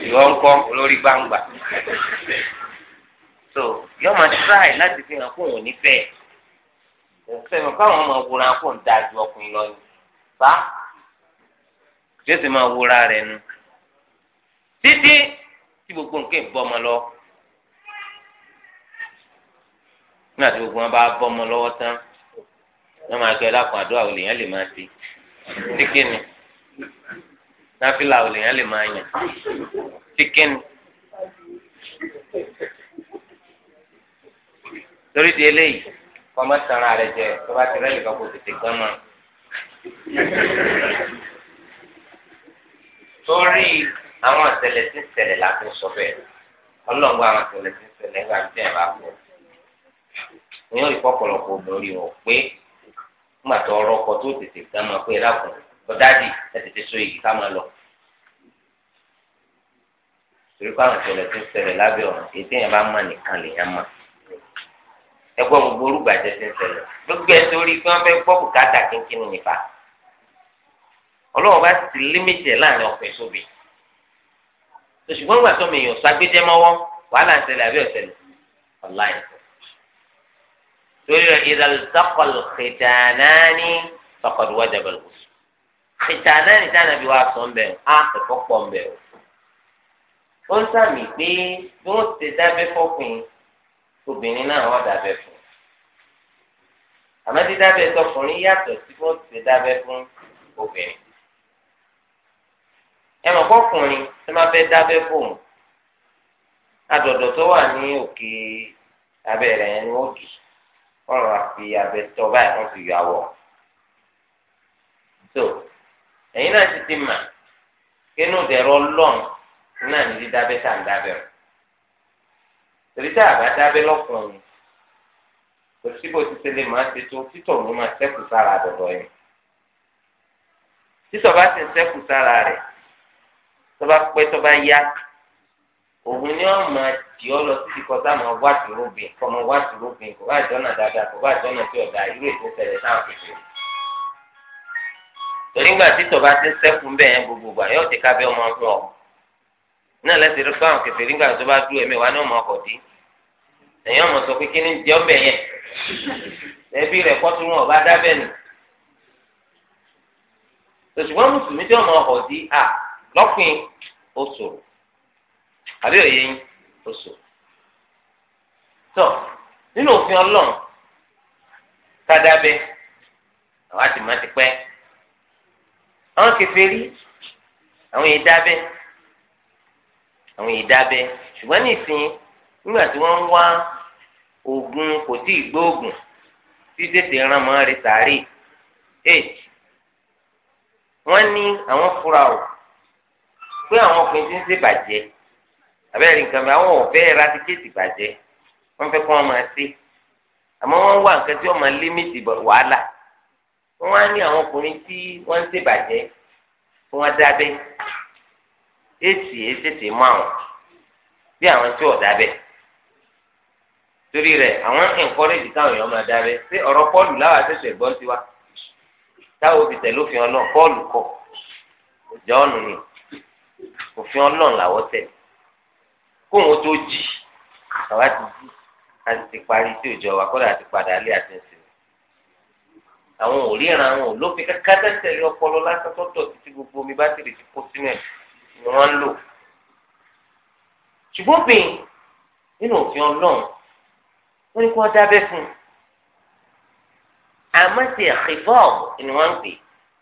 ìwọ ń kọ́ olórí gbangba so yọọ máa tíráì láti fi hàn kó òun ní sẹ́mi káwọn ọmọ wura kó ń da ju ọkùnrin lọ ni fa jésù máa wura rẹ̀ nu títí tí gbogbo nǹkan ń bọ́ ọmọ lọ nígbà tí gbogbo wọn bá bọ́ ọmọ lọ́wọ́ tán wọ́n máa gbé lápò àdúrà olè yẹn lè máa ti tíkínì náfìlà olè yẹn lè máa yàn tíkínì torí di eléyìí kọ́má tara rẹ jẹ tó bá ti rẹ́ nìkan kó tètè gán mọ́. torí àwọn àtẹlẹ tí ń ṣẹlẹ̀ láti sọ bẹ́ẹ̀ ọlọ́gbọ́n àwọn àtẹlẹ tí ń ṣẹlẹ̀ nígbà tí ẹ̀ bá pọ̀ ní orí pọ̀pọ̀lọpọ̀ obìnrin ò pé nígbà tó ọrọ̀ ọkọ tó tètè gán mọ́ pé lákùn ọ̀dádì ẹ̀ tètè so èyí ká máa lọ. torí pé àwọn àtẹlẹ tí ń ṣẹlẹ̀ lábẹ́ ọ̀run tí ẹ̀ bá mọ̀ nìkan lè yẹn mọ̀ ẹgbọ́n gbogbo olùgbàjẹ́ ti ń ṣẹlẹ̀ gbogbo ẹ̀ torí pé wọ́n fẹ́ gbọ́ bùkátà kínkínní nípa ọlọ́run bá ti límìtì ẹ̀ láàrin ọ̀pẹ̀ sóbì ṣùgbọ́n nígbà tó mi yàn ságbéjẹ́ mọ́wọ́ wàhálà ń ṣẹlẹ̀ àbí ọ̀ṣẹlẹ̀ ọ̀láì torí rẹ̀ ìdàlùtàkọ̀lù kìtànáni tọkọ̀dù wájà bẹ̀rù kìtànáni dáná bí wàá sọ ń á ẹ̀fọ́ pọ̀ ń ó ń sàmì pé bí wọ́n ti dábẹ́ fọ́kùnrin obìnrin náà wọ́n dábẹ́ fún àmọ́ dídábẹ́ tọkùnrin yàtọ̀ sí wọ́n ti dábẹ́ fún obìnrin ẹ mọ̀ kọ́kùnrin tó máa fẹ́ dábẹ́ fún un adọ̀dọ̀ tó wà ní òkè abẹ́ rẹ̀ yẹn ni wọ́n dì ọ̀rọ̀ àfi abẹ́ tọ́ báyìí wọ́n fi yọ àwọ̀ so ẹ̀yin náà ti ti mà kínú dẹ̀rọ lọ́n náà ní dídábẹ́ tà ń dábẹ́ torí tá a bá dábẹ́ lọ́kùnrin kò síbò títí lè máa ṣe tó títọ̀ ló máa ṣẹ́kù sára dọ̀dọ̀ yẹn títọ̀ bá ti ń ṣẹ́kù sára rẹ̀ tó bá pẹ́ tó bá yá òun ni wọn máa tì ọ lọ títí kọ sáà máa wá tìrógbìn kọ máa wá tìrógbìn kò bá jọ́nà dáadáa kò bá jọ́nà tí ọ̀dà irú ètò ìṣẹ̀lẹ̀ táwọn kìkì. torí gbà títọ̀ bá ti ń sẹ́kù yẹn gbogbo gbà yóò ti ká bẹ́ ọmọ fún ọ. náà lẹ́sìn rí fáwọn kẹfẹ́ nígbà tó bá dúró ẹ̀mí wa ní ọmọ ọkọ̀ dín èyàn mọ̀ sọ pé kí ni jẹ́ ọbẹ̀ yẹn ẹbí rẹ̀ kọ́tù wọn ọba dábẹ́ nù òṣùwọ́n mùsùlùmí tí ọmọ ọ̀họ̀ di à lọ́pìn oṣù àbí òye yín oṣù tọ nínú òfin ọlọ́run tádábẹ́ àwọn àti má ti pẹ́ àwọn kèfèrí àwọn yìí dábẹ́ àwọn yìí dábẹ́ ṣùgbọ́n ní ìsìn nígbà tí wọ́n ń wá oògùn kò tí ì gbóògùn tí tètè ràn mọ́ rẹ̀ sàárè eight wọ́n ní àwọn fura o pé àwọn ọkùnrin ti ń ṣe bàjẹ́ àbẹ́rẹ́ nǹkan bá wọn ò fẹ́ ra tíkẹ́ẹ̀tì bàjẹ́ wọ́n fẹ́ kọ́ wọn máa ṣe àmọ́ wọ́n wá nǹkan tí wọ́n máa límìtì wàhálà wọ́n wá ní àwọn ọkùnrin tí wọ́n ń ṣe bàjẹ́ kí wọ́n dábẹ́ èsì èsèsè mọ́ àwọn bí àwọn tí ò dábẹ́ torí rẹ̀ àwọn ẹnkọrẹjì káwọn èèyàn máa dábẹ́ ṣé ọ̀rọ̀ pọ́ọ̀lù láwọn àtẹsẹ gbọn tiwa táwọn òbí tẹ̀lé òfin Ọlọ́run pọ́ọ̀lù kọ jọọnù ni òfin Ọlọ́run làwọ tẹ kóun ó tó jì àwa ti jí a ti parí sí òjò wa kódà àti padà alẹ́ àti ẹsẹ̀ àwọn ò ríran àwọn ò lófin kankan tẹ̀lé ọpọlọ lásán títí gbogbo omi bátìrì ti kó sínú ni wọ́n ń lò ṣùgbọ́n bẹ́ẹ̀ nínú òfin Ọlọ́run wọ́n ní kí wọ́n dábẹ́ fún un àmọ́ ti ẹ̀xìfọ́ọ̀mù ni wọ́n ń pè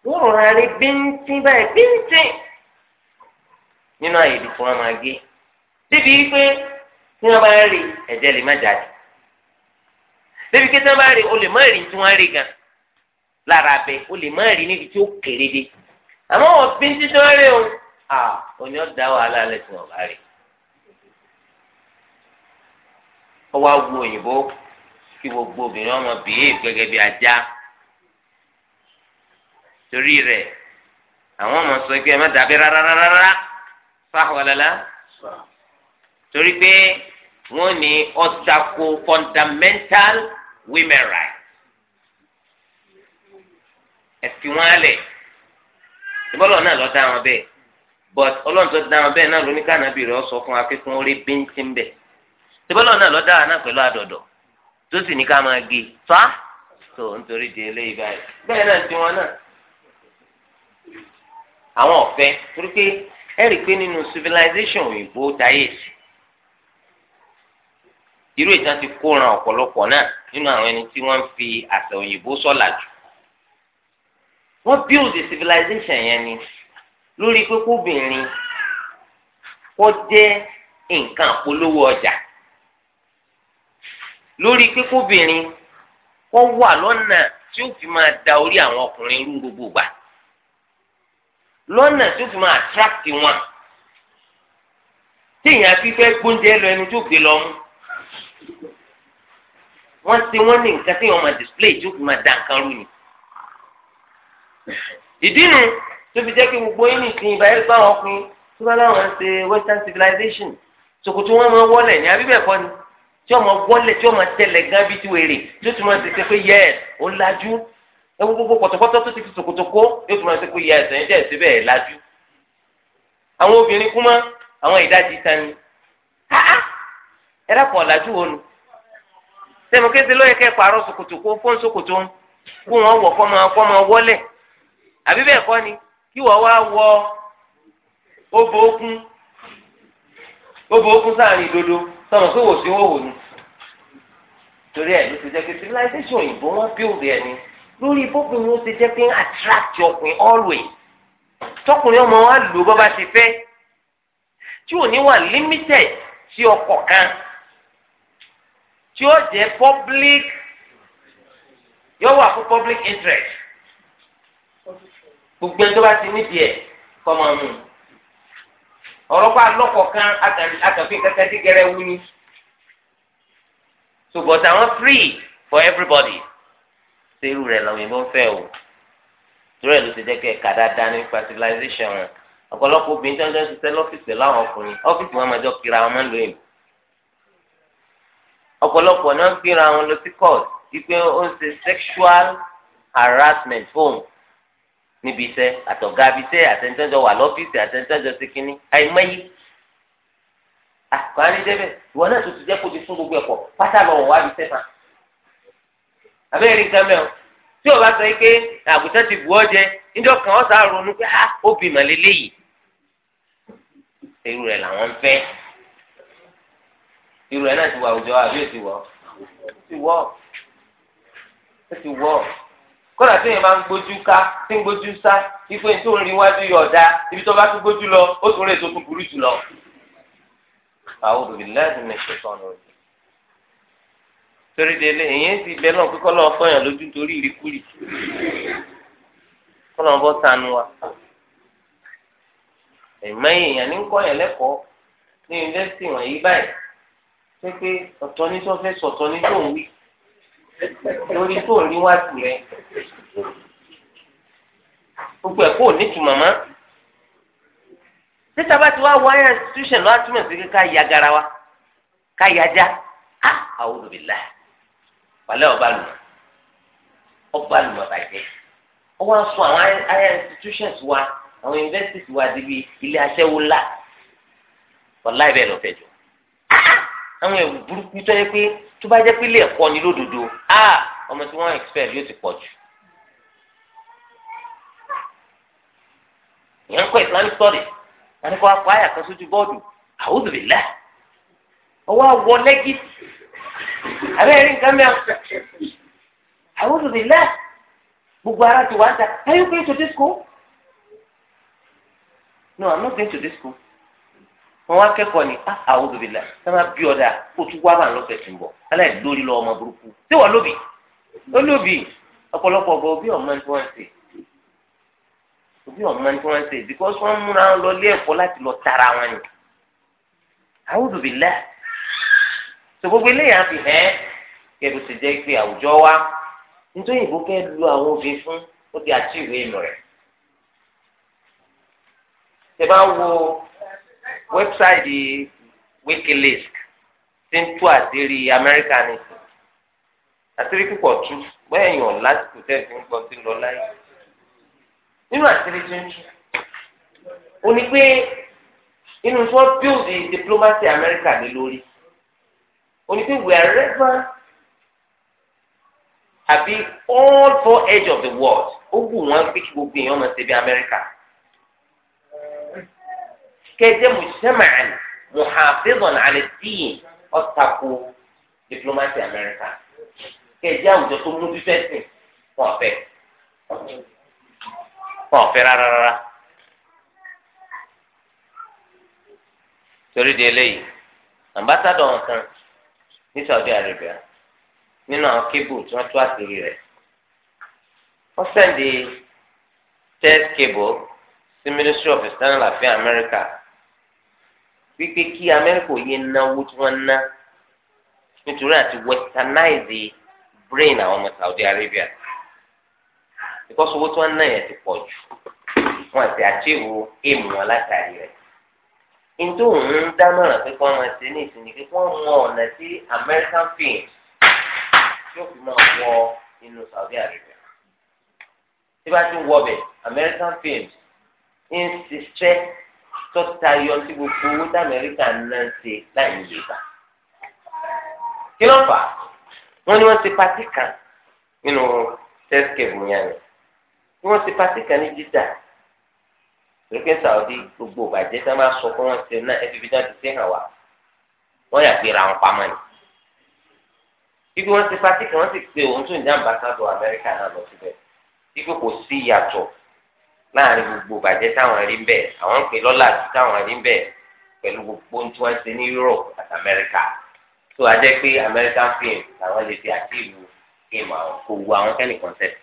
wọ́n rọra rí bíntín báyìí bíntín nínú àyè ìdí fún wọn máa gé débi pé tí wọ́n bá rí ẹ̀jẹ̀ lè má jáde débi pé tí wọ́n bá rí o lè má rí tí wọ́n rí gan lára abẹ o lè má rí níbi tí ó kéré dé àmọ́ wọ́n bíntín tí wọ́n rí o à òní ọ̀dà wàhálà lẹ̀ tí wọ́n bá ọwọ́ agbo òyìnbó kí gbogbo obìnrin ọmọ bìí gẹ́gẹ́ bí ajá torí rẹ̀ àwọn ọmọ sọ pé ẹ má dàbí rárárárá fáwọlẹ́lá torí pé wọ́n ní ọ̀tako fundamental women rights ẹ fi wọ́n alẹ̀ ìbọ́lọ̀ náà lọ dá wọn bẹ́ẹ̀ but ọlọ́run tó dá wọn bẹ́ẹ̀ náà lóníkànnàbì rẹ̀ ọ sọ fún wa pé bíntín bẹ́ẹ̀. síbọ́lọ́ náà lọ lọ́dá náà pẹ̀lú àdọ̀dọ̀ tó sì ní ká máa gé fa e? tó nítorí di eléyìí báyìí bẹ́ẹ̀ náà ti wọn náà àwọn ọ̀fẹ́ torí pé ẹ rí i pé nínú civilization òyìnbó táyé sí irú ìtàn ti kóran ọ̀pọ̀lọpọ̀ náà nínú àwọn ẹni tí wọ́n ń fi àṣà òyìnbó sọ̀là jù wọ́n build the civilization yẹn ni lórí pé kóbìnrin kó jẹ́ nǹkan polówó ọjà lórí kíkóbìnrin kó wà lọ́nà tí ó fi máa da orí àwọn ọkùnrin rú gbogbo gbà lọ́nà tí ó fi máa attract wọn téèyàn fi fẹ́ gbóúnjẹ lọ ẹni tó gbé lọ mú wọ́n ti wọ́n ní nǹkan téèyàn máa display tí ó fi máa da nǹkan rú ni ìdí nu tó fi jẹ́ kí gbogbo yín nìsín ìbáyé gbá wọn pin tí láwọn ṣe western civilization ṣòkòtò wọn máa wọlé ní abíbẹ̀kọ ni tí ọmọ wọlé tí ọmọ tẹlẹ gan bí ti wèrè tí ó túmọ̀ sí pé yẹ́s ó lajú ewu gbogbo pọ̀tọ̀pọ̀tọ̀ tó ti fi tòkòtòkó yóò túmọ̀ sí pé yẹ́s ẹ̀yin tẹ̀sí bẹ́ẹ̀ lajú. àwọn obìnrin kú mọ́ àwọn ìdajì tani ẹ̀rọ kan ọ̀làjú wo nu sẹ́mi kéde lóye kẹ́ pààrọ̀ sòkòtòkó fóun sòkòtò kó wọn wọ̀ fọ́mọ wọlé àbí bẹ́ẹ̀ kọ́ ni kí wọ́n wá wọ obò okun obò okun sáàrin sọmọ pé wò sí wòwò ni torí ẹ ló ti jẹ́ pé civilization òyìnbó wọn build ẹ ni lórí bókùnrin ó ti jẹ́ pé attract ọkùnrin always tọkùnrin ọmọ wa lò bọ́ bá ti fẹ́ tí ò ní wà limited sí ọkọ̀ kan tí ó jẹ́ public yóò wà fún public interest gbogbo ẹni tó bá ti nídìí ẹ̀ kọ́ máa mú un ọ̀rọ̀ bá lọ́kọ̀ kan àtàfin kẹkẹ dígẹrẹ wú ni so but àwọn free for everybody ṣerú rẹ̀ làwọn èèyàn ń fẹ́ o torí ẹ̀ ló ti jẹ́ kẹ́ ẹ̀ka dáadáa ní fertilization rẹ̀ ọ̀pọ̀lọpọ̀ obìnrin tí wọ́n jọ ń ṣiṣẹ́ lọ́fíìsì láwọn ọkùnrin ọ́fíìsì wọn máa jọ kíra wọn máa ń lo èlò ọ̀pọ̀lọpọ̀ náà ń kíra wọn lọ sí court wípé ó ń ṣe sexual harassment fóun níbi iṣẹ́ àtọ̀gá abiṣẹ́ àtẹnitọ́jọ wà lọ́fíìsì àtẹnitọ́jọ sí kínní àìmọye àkàrà ní débẹ̀ ìwọ náà tó ti jẹ́ kó ti fún gbogbo ẹ̀kọ́ pátá lọ wà abiṣẹ́ fà abẹ́rẹ́ nǹkan mẹ́wọ́ tí o bá sọ yìí pé àgùntàn ti bù ọ́ jẹ níjọ́ kan ọ́ sáà ronú pé á ah, ó bì mà lélẹ́yìí irú rẹ̀ làwọn ń fẹ́ irú rẹ̀ náà ti wà àwùjọ àbí ò ti wọ̀ ọ́ ti wọ̀ ọ́ ti wọ̀ kódà tí èèyàn máa ń gbójú ká tí ń gbójú sá ife tó ń rí wájú yọ ọ̀dá ibi tó bá tún gbójú lọ ó tún rè tó tún burú jù lọ. àwọn olùdílẹ́sìn ní ìṣẹ̀tàn rẹ̀. torí délé èyí ti bẹ náà kíkọ́ lọ́wọ́ fọyàn lójú torí ìrìkúrì. kọ́ lọ́wọ́ bọ́ sanu wa. ẹ̀mọ́ èèyàn ní kọ́ yẹn lẹ́kọ̀ọ́ ní yunifásitì wọ̀nyí báyìí pé pé ọ̀tọ̀ ní tó sọ̀tọ̀ ní tó ń wí lórí tó rí wájú rẹ gbogbo ẹ̀ kó o nítumọ̀ mọ́ títa bá ti wá wáyà institution lọ́wọ́ túmọ̀ sí ká ya gara wa ká ya já a a'udhu billah wàlẹ́ ọba lùmọ̀ ọba lùmọ̀ bàjẹ́ ọwọ́ sọ àwọn higher institutions wa àwọn universities wa di bi ilé aṣẹ́wó ńlá wàlá ìbẹ̀rẹ̀ ọ̀fẹ́ jù. àwọn ẹ̀wù burúkú tó yẹ pé tó bá jẹ́ pé ilé ẹ̀kọ́ ni lódodo a ọmọ tí wọ́n expect yóò ti pọ̀ jù. ìyẹn ń kọ́ islamic studies wọn ni kò akọ àyà kan sójú bọ́ọ̀dù àwùjọ lè lẹ́ ọwọ́ àwọ lẹ́gì abẹ́rẹ́ nǹkan mẹ́rin àwùjọ lè lẹ́ gbogbo ara ti wá ń ta are you going to this school? no i'm not going to this school. wọn wá kẹ́kọ̀ọ́ ni a àwọn òbí la sábà bí ọdà kó tún wá bàá lọfẹ tì ń bọ aláì lórí lọ ọmọ burúkú tí wọn lóbi ó lóbi ọ̀pọ̀lọpọ̀ ọgbà òbí ọmọ ní wọn ṣe òbí ọmọ ní wọn ṣe because wọn múra wọn lọ ilé ẹ̀kọ́ láti lọ tara wọn ni àwọn òbí la tó gbogbo eléyà fi hẹ kẹbi ti jẹ pé àwùjọ wa nítorí ìbò kẹ lu àwọn òbí fún ó ti àti ìwé ìmọ̀ rẹ̀ tẹ bá wo wẹ́bsáìtì wikileaks ti ń tú àdérí amẹ́ríkà ni àtìrí púpọ̀ tú bẹ́ẹ̀ yàn lásìkò tẹ́ fi ń gbọ́ sí lọ láyé nínú àtìrí tó ń tú o ní pé inú tí wọ́n build the diplomacy amẹ́ríkà lé lórí o ní pé wherever àbí all four edge of the world ó wù wọ́n pé kí gbogbo èèyàn máa ṣe bí amẹ́ríkà kẹjẹ mujtama'an muhafizan 'ala ad-din ọ̀tàkù diplomacy Amẹ́ríkà kẹjẹ àwùjọ tó mú fífẹ́ sìn fún ọ̀fẹ́ fún ọ̀fẹ́ rárá rárá torí di eléyìí àmbásádọ̀ kan ní Saudi Arabia nínú àwọn kébù tí wọ́n tú àṣírí rẹ̀ wọ́n sẹ́ndì test cable sí Ministry of External Affairs America wípé kí amẹ́ríkà yé náwó tí wọ́n ná nítorí àti westernize brain àwọn ọmọ Saudi Arabia because owó tí wọ́n ná yẹn ti pọ̀ jù wọ́n ti àtìwò èèmù wọn látàrí rẹ̀ nítorí òun ń dámọ̀ràn pé kí máa ṣe ní ìsinmi pé wọ́n mú ọ̀nà sí American film tí ó fi máa wọ inú Saudi Arabia tí bá ti wọ bẹ̀ American films ń ṣiṣẹ́ tó tayọ sí gbogbo owó tí amẹ́ríkà náà ń ṣe láì ń yé gbà. kí ló fà á wọ́n ní wọ́n ti patí kan nínú tẹ́síkẹ̀bù yẹn ni tí wọ́n ti patí kan ní jíjà lókè sàwọ́dí gbogbo bàjẹ́ tí wọ́n bá sọ pé wọ́n ti ná ẹbí bíjá ti ṣe hàn wá wọ́n yà gbéra wọn pamọ́ ni. ibi wọ́n ti patí kan wọ́n sì pé òun tún jàǹbá sádùn amẹ́ríkà náà lọ síbẹ̀ ibi kò sí ìyàtọ̀ láàrin gbogbo bàjẹ́ táwọn rí bẹ́ẹ̀ àwọn ń pè lọ́la táwọn rí bẹ́ẹ̀ pẹ̀lú gbogbo tí wọ́n ṣe ní Europe àti America tó a jẹ́ pé American film làwọn lè fi àtìlù ìmọ̀ àwọn kò wu àwọn kẹ́lì concept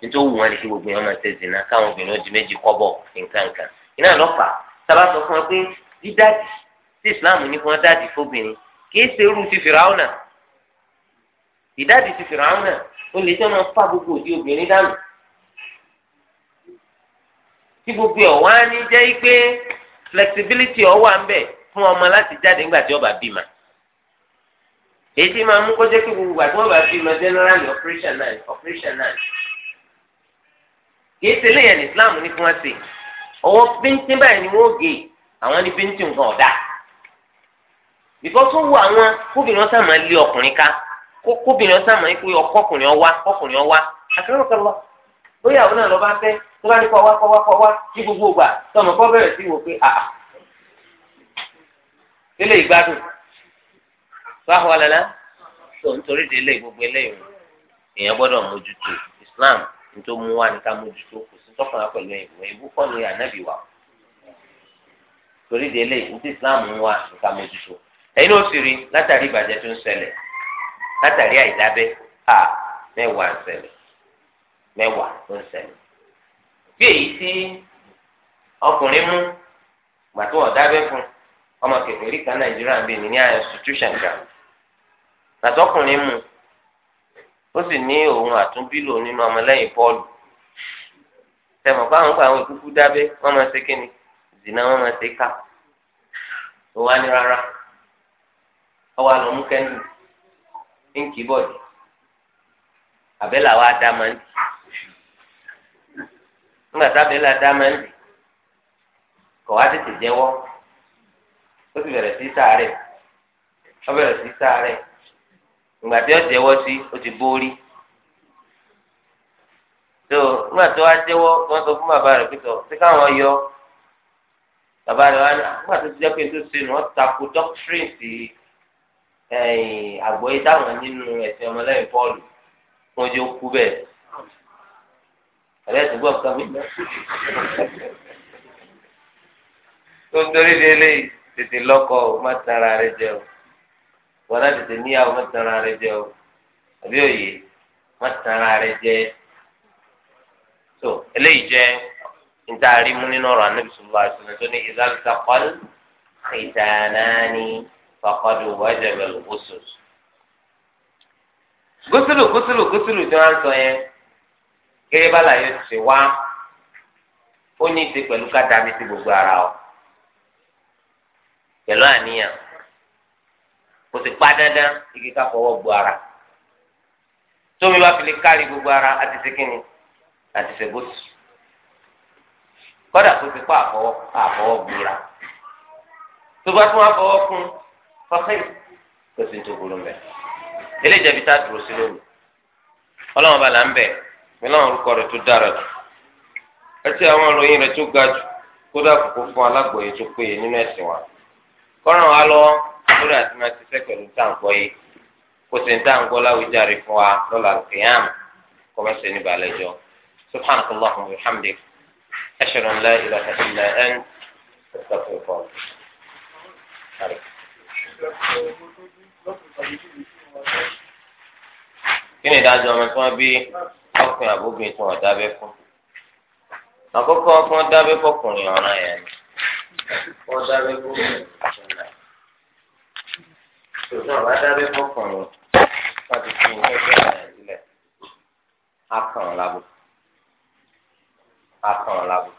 nítorí wù wọ́n lè fi gbogbo yẹn máa ṣe zina káwọn obìnrin ojú méjì kọ́bọ̀ nǹkankan iná lọ́pàá sábà sọ fún wọn pé dídáàdì tí Islam ní fún wọn dáàdì fóbìnrin kìí ṣe irú ti fìràwọ̀nà ìdáàdì ti fìràwọ̀nà olè tí wọn máa ń fa gbogbo òdi obìnrin dànù tí gbogbo ẹ̀ wá ní jẹ́ pé flexibility ọ wà ń bẹ̀ fún ọmọ jáde nígbà tí ọba bímọ èyí tí máa mú kó jẹ́ kí gbogbo general operation Islam ní fún wa sí ọwọ́ báyìí ni wọ́n gé àwọn ní bíntín nǹkan ọ̀dà wo àwọn kóbìnrin ọ̀sán máa lé ọkùnrin ká kóbìnrin ọ̀sán máa ń pè ọwá ọkùnrin ọwá lọ bóyá àwọn náà lọ tó bá ní kọ́ gbogbo kọ́ bẹ̀rẹ̀ sí wò pé délé ìgbádùn báwo wà lẹ́la tó nítorí délé gbogbo eléyìí èèyàn gbọ́dọ̀ mójútó Islam mú wá ní ká mójútó kò sí pẹ̀lú ìwé kọ́ ni ànábì wà torí délé Islam mú wá ní ká mójútó ẹ̀yin ó sì rí látàrí ìbàjẹ́ tó ń ṣẹlẹ̀ látàrí àìdábẹ́ à bí èyí tí ọkùnrin mú gbà tó ọ̀dà bẹ́ fún ọmọ kan nàìjíríà ní institution kan gbàtọ́kùnrin mú ó sì ní òun àtúnbílò nínú ọmọlẹ́yìn pọ́ọ̀lù tẹmọ̀ fáwọn ń pa àwọn ìkúkú dábẹ́ wọ́n máa ṣe kíni zina wọ́n máa ṣe ká tó wá ní rárá mú nígbà tábìlì la dá máa ń dì kọ̀ wá tètè jẹ́wọ́ ó sì bẹ̀rẹ̀ sí sáré ó bẹ̀rẹ̀ sí sáré ìgbà tí ó jẹ́wọ́ sí ó ti bórí tó nígbà tó wá jẹ́wọ́ wọ́n sọ fún bàbá rẹ̀ pítọ̀ sí káwọn yọ bàbá rẹ̀ wá ní nígbà tó ti jẹ́ pé tó ṣe nù wọ́n takò doctrine sí eh, àgbọ̀yé táwọn nínú ẹ̀sìn ọmọlẹ́yìn Pọ́ọ̀lù wọ́n jẹ́ kú bẹ́ẹ̀ ẹ̀rẹ́ ti gbọ́ nǹkan mi. tó torí délé tètè lọ́kọ o má tara rẹ jẹ o wọ́n á tètè níyàwó má tara rẹ jẹ o àbí òye má tara rẹ jẹ tó eléyìí jẹ níta rí mú nínú ọ̀rọ̀ anábì sọ̀rọ̀ àìsàn tó ní ìdálùkà pọ́lì ìdánáni fàkọ́dù wájà bẹ̀rù gbósùlù gbósùlù gbósùlù gbósùlù tí wọ́n sọ yẹn gẹ́gẹ́ bá làyè ṣe wá ó ní í ṣe pẹ̀lú ká dami sí gbogbo ara ọ pẹ̀lú àníyàn kò sì pa dandan igi ká fọwọ́ gbogbo ara tómi bá fi lè kárí gbogbo ara àti ṣe kíni àti ṣe bóṣù kọ́dà kó ti pa àfọwọ́ àfọwọ́ gbúra tó bá tún àfọwọ́ fọ́fẹ́ kò sì ń tó gbólóńbẹ́ eléjẹ̀bi tá a dúró sí lónìí ọlọ́run là ń bẹ̀ẹ́. pẹ̀lú àwọn orúkọ rẹ̀ tó dára jù àti àwọn ìròyìn rẹ̀ tó ga jù kó dàpọ̀ kó fún alágbòye tó péye nínú ẹ̀sìn wa kọ́ràn wa lọ́wọ́ lórí àti máa ṣiṣẹ́ pẹ̀lú táǹgọ́ yìí kó sì ń táǹgọ́ láwùjáre fún wa lọ́la kìíyàmù kó má ṣe níbàlẹ̀ jọ subhanahu wa ta'ala alhamdulilayi ashhadu an la ilaha kí ni ìdájọ́ ọmọ tí wọ́n bí ọkùnrin àbóbìnrin tí wọn dábẹ́ fún àkọ́kọ́ ọkùnrin dábẹ́ fọkùnrin ọ̀ràn yẹn wọn dábẹ́ fọkùnrin tòtò ọba dábẹ́ fọkùnrin wọn ti fi ìwé ẹgbẹ́ ọ̀ràn sílẹ̀ akàn lábò akàn lábò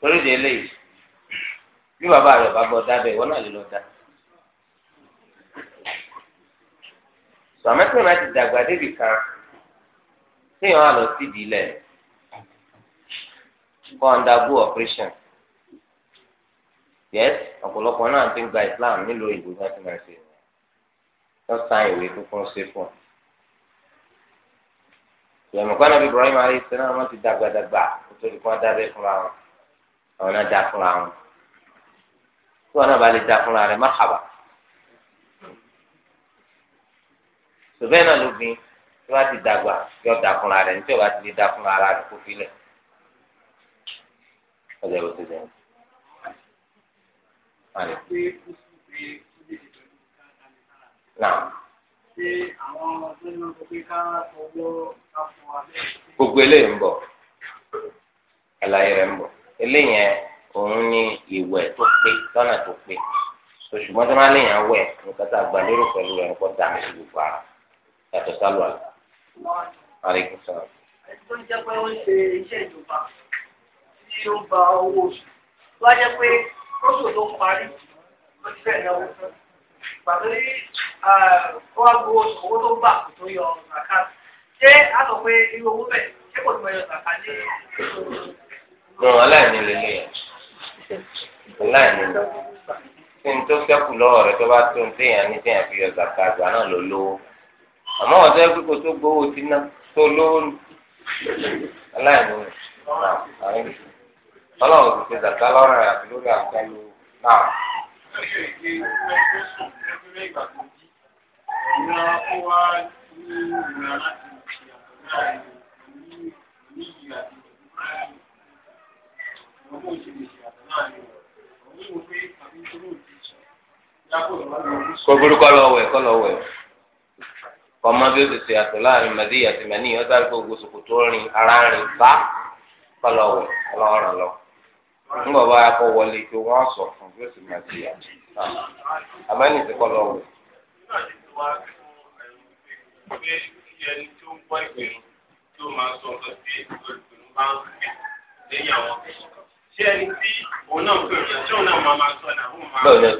torí de eléyìí bí bàbá rẹ bá bọ dábẹ́ ìwọ náà lè lọ dá. sọmẹtò náà ti dàgbà débi kan kéèyàn wà lọ sí ìdílẹ̀ kó undergo operation yes ọ̀pọ̀lọpọ̀ náà ti ń gba Islam nílò ìlú náà ti máa ṣe wọ́n san ìwé tuntun ṣe fún un ìyàmùkọ́ náà bí Ibrahim alayhi salam wọ́n ti dàgbàdàgbà kó tó di kó wọ́n dábẹ́ fúnra wọn àwọn náà dá fúnra wọn tí wọn náà bá lè dá fúnra rẹ̀ má hàbà tòbẹ́ náà ló tí wàá ti dàgbà yọ da fúnra rẹ̀ nítorí wàá ti lè da fúnra ara rẹ̀ kó filẹ̀ ọjọ́ ìwé tó dẹ̀ náà gbogbo eléyìí ń bọ̀ àlàyé rẹ̀ ń bọ̀ eléyìí òun ní ìwẹ̀ tó pé lọ́nà tó pé oṣù mọ́tò máa awẹ́ nípa tá a gbà lérò pẹ̀lú rẹ̀ nípa dàmí sí gbogbo ara yàtọ̀ sálọ Aleykum salaam. Ẹ̀sìn tó ń jẹ́ pé ó ń ṣe iṣẹ́ ìjọba tí ó gba owó oṣù. Tó wá jẹ́ pé kóso tó parí ó ti fẹ́ náwó fún. Pàtó ní ó wá gbowó oṣù owó tó gbà kò tó yọ ọ̀sàkà. Ṣé a sọ pé irú owó bẹ̀ ṣé kò tó mọ ọ̀sàkà ní ìṣòro? Mo aláìní lè lè yàn. Aláìní lè. Ṣé n tó sẹ́kù lọ́wọ́ rẹ̀ tó bá tó ń téèyàn ní téèyàn fi ọ̀sàkà àgbà náà lò lówó? àmọ́ wọn sọ pé kò tó gbowó ti ná tó lówó nù aláìní rẹ̀ ọlọ́run kò ṣe dàgbà lọ́rùn rẹ̀ àti lórí àgbáyé náà. Kogoro kọlọ wẹ kọlọ wẹ kọ́má bí ó ti ṣe àtọ̀ láàrin màdí àti màní ó sáré kó gbogbo sòkòtò rìn ara rìn bá kọ́lọ̀ wọ̀ ọlọ́run lọ. ńgbà bá a kọ́ wọlé tó wọ́n sọ fún bí ó sì máa di àti àmánì ti kọ́lọ̀ wọ̀. ẹni tó ń gbọ́ sọ nǹkan tí olùgbìmọ̀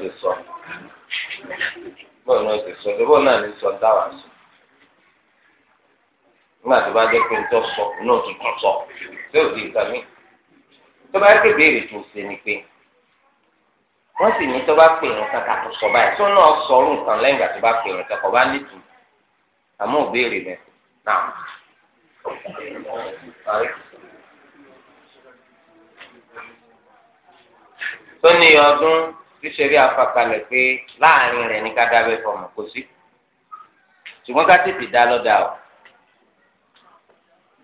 ti sọ bọ́ọ̀ bọ́ọ̀ náà ti sọ dáwà sọ nígbà tó bá jẹ́ pé nítorí sọ náà ti tún sọ ṣé ò sí nǹkan mi tó bá ké béèrè tó ṣe ni pé wọ́n sì ní tó bá pè wọn kan kàtó sọ báyìí tó náà sọrú nǹkan lẹ́yìn ìgbà tó bá pè wọn kan kò bá nìtú àmọ́ ò béèrè rẹ̀ náà. tó ní ọdún tíṣẹ̀rí afakalẹ̀ pé láàrin rẹ̀ ní ká dábẹ́ fọmọ kò sí ṣùgbọ́n ká tètè dá lọ́dà o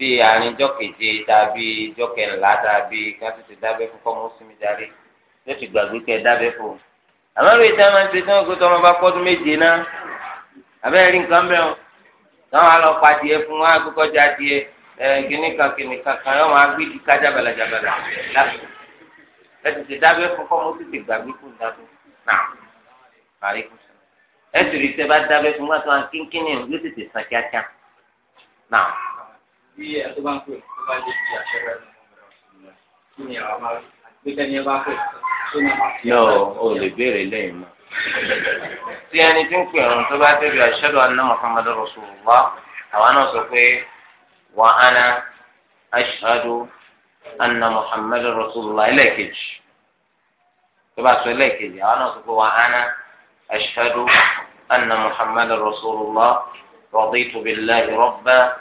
bí àárín jọ́kèje tàbí jọ́kẹ̀ńlá tàbí káńtì ti dábẹ́ fún kọ́mọ́ sími darí yóò ti gbàgbé kẹ́ dábẹ́ fún un. àmọ́ lóye tí a máa ń ṣe tí wọ́n gbé tọ́mọ bá pọ́dún méje náà abẹ́rẹ́ rí nǹkan bẹ́ẹ̀ o táwọn alọ́ pa adìẹ fún wọn akókò jẹ adìẹ kìnnì kan kìnnì kan kan yóò máa gbé ká jábàlà jábàlà lásìkò ẹ ti ti dábẹ́ fún kọ́mọ́ sì ti fún dábẹ́ náà náà. bí ẹ tó bá ń pè tó bá lè fi àṣẹ rẹ kí ni àwọn máa gbé tẹ́ni ẹ bá pè tó máa. yọ o lè béèrè lẹ́yìn mọ́. tí ẹni tí ń pè ọ̀run tó bá débi ashhadu anna Muhammadur Rasulullah àwa náà sọ pé wa ana ashhadu anna Muhammadur Rasulullah ẹlẹ́ẹ̀kejì tó bá sọ ẹlẹ́ẹ̀kejì àwa náà sọ pé wa ana ashhadu anna Muhammadur Rasulullah raditu billahi rabba.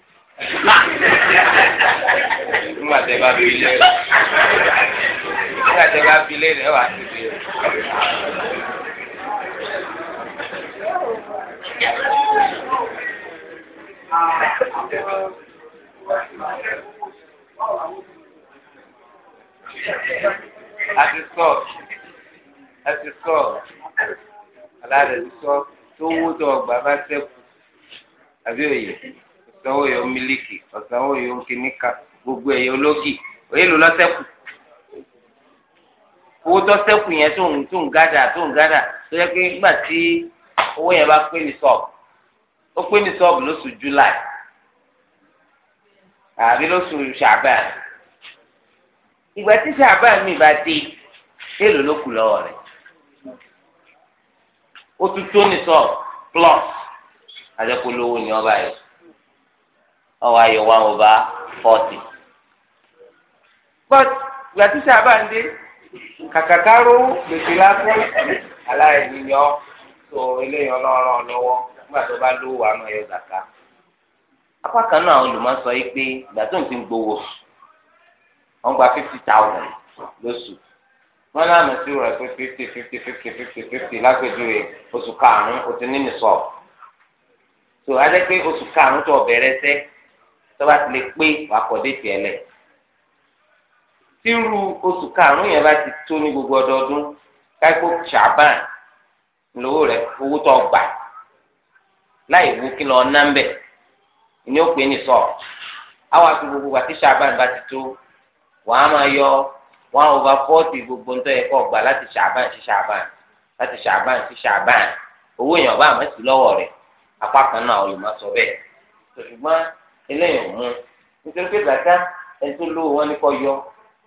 nígbà tẹ bá fi lé nígbà tẹ bá fi lé rẹ wà sí fi. A ti sọ, a ti sọ, aláàrẹ̀ ti sọ tó wó tó ọgbà bá sẹ́kù, àbí òye ọ̀sánwó yọ mílíkì ọ̀sánwó yọ kìnìkà gbogbo ẹ̀yọ ológì òye ló lọ́sẹ̀kù owó tọ́sẹ̀kù yẹn tó ń tó ń gádà tó ń gádà tó yẹ pé nígbà tí owó yẹn bá pé ní sọ́ọ̀bù ó pé ní sọ́ọ̀bù lóṣù July àbí lóṣù Ṣàbàn ìgbà tí Ṣàbàn mi bá dé èlò ló kù lọ́wọ́ rẹ̀ ó tún tó ní sọ́ọ̀bù plus àjẹpọ̀ lówó ni ọba yìí ọwọ ayọ one over forty. but ìgbà tí sábà ń dé kàkàkà rówó gbèsè lásán aláìní yọ tó eléyàn lọ́rọ̀ lọ́wọ́ nígbà tó bá lówó àmọ́ ẹ̀yọ zàká. apá kan náà olùmọ̀ sọ yìí pé ìgbà tó ń fi gbowó wọ́n gba fifty thousand lóṣù wọn lánàá sí rẹ pé fifty fifty fifty fifty fifty lágbèjúwe oṣù karùnún o ti ní nìsọ so adé pé oṣù karùnún tó bẹ̀rẹ̀ sẹ́ tọ́ba ti lè pé wàkọ̀dé tiẹ̀ lẹ̀. tírú oṣù karùn-ún yẹn bá ti tó ní gbogbo ọdọọdún káíkó ṣàbàn lówó rẹ̀ owó tó gbà láì wú kí lọ ná mbẹ̀ ni ó pè é ní sọ àwọn àti gbogbo wa tí bá ti tó wàá máa yọ one over forty gbogbo ntọ́ yẹ kọ́ gbà láti ṣàbàn sí ṣàbàn láti ṣàbàn sí ṣàbàn owó yẹn ọba àmọ́ sí lọ́wọ́ rẹ̀ apá kan náà olùmọ̀ sọ bẹ́ẹ̀ ṣùgbọ́n eléyìí ò mú nítorí pé bàtà ẹni tó lówó wọn ni kò yọ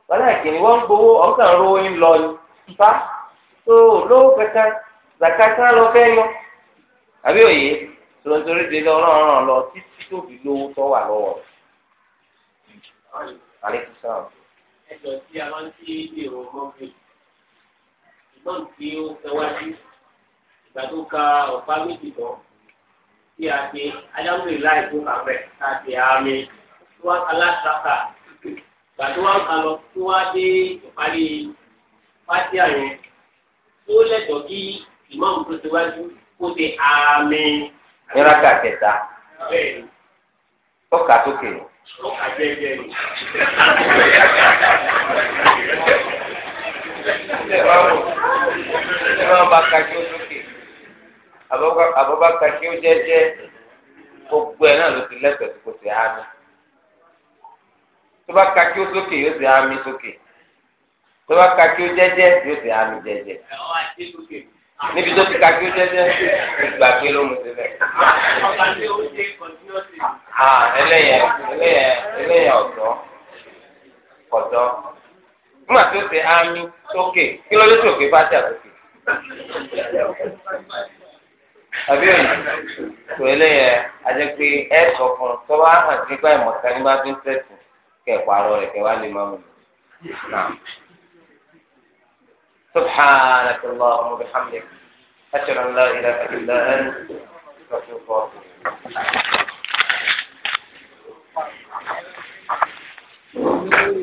wọn náà kì í wọn gbowó ọkàn rówó ń lọ ni fa tó lówó kẹta bàtà kan lọ fẹ́ yọ àbí òye tòlóńtorí délé ọlọ́run ràn lọ títí tó fi lówó tó wà lọ́wọ́ rẹ̀. ẹjọ́ tí a máa èrò mọ́bìlì ìgbọ́n tí ó fẹ́ wájú ìgbà tó ka ọ̀pá méjì tán tí a ṣe ajámúlẹ̀ láì tó kàfẹ́ tá a ṣe àmì wá aláṣàkà gbà tó wá ń kalọ tó wá dé ìparí pátí àyẹn tó lẹ́tọ̀ọ́ kí ìmáàmù tó ti wájú kó ṣe àmì. níraka kẹta tọ́ka sókè. tọ́ka jẹ́jẹ́ ni. ṣé wàá bá kájú sókè. Abubakar kí ó jẹ́jẹ́ gbogbo ẹ̀ náà ló ti lẹ́sẹ̀ tó kò sí àmì tó bá ka kí ó sókè yóò sì àmì sókè tó bá ka kí ó jẹ́jẹ́ yóò sì àmì jẹ́jẹ́ níbi tó ti ka kí ó jẹ́jẹ́ ìgbà pé ló mu sílẹ̀. ẹlẹ́yẹ ẹlẹ́yẹ ẹlẹ́yẹ ọ̀dọ́ ọ̀dọ́ nígbà tó ti àmì sókè kí ló dé sókè bá jà sókè. àbí òyìn tó eléyẹ ajẹ́ pé ẹ sọ fún un tó bá hàn nípa ìmọ̀ta nígbà tó ń pààrọ̀ wá lè mú un. سبحانك اللهم وبحمدك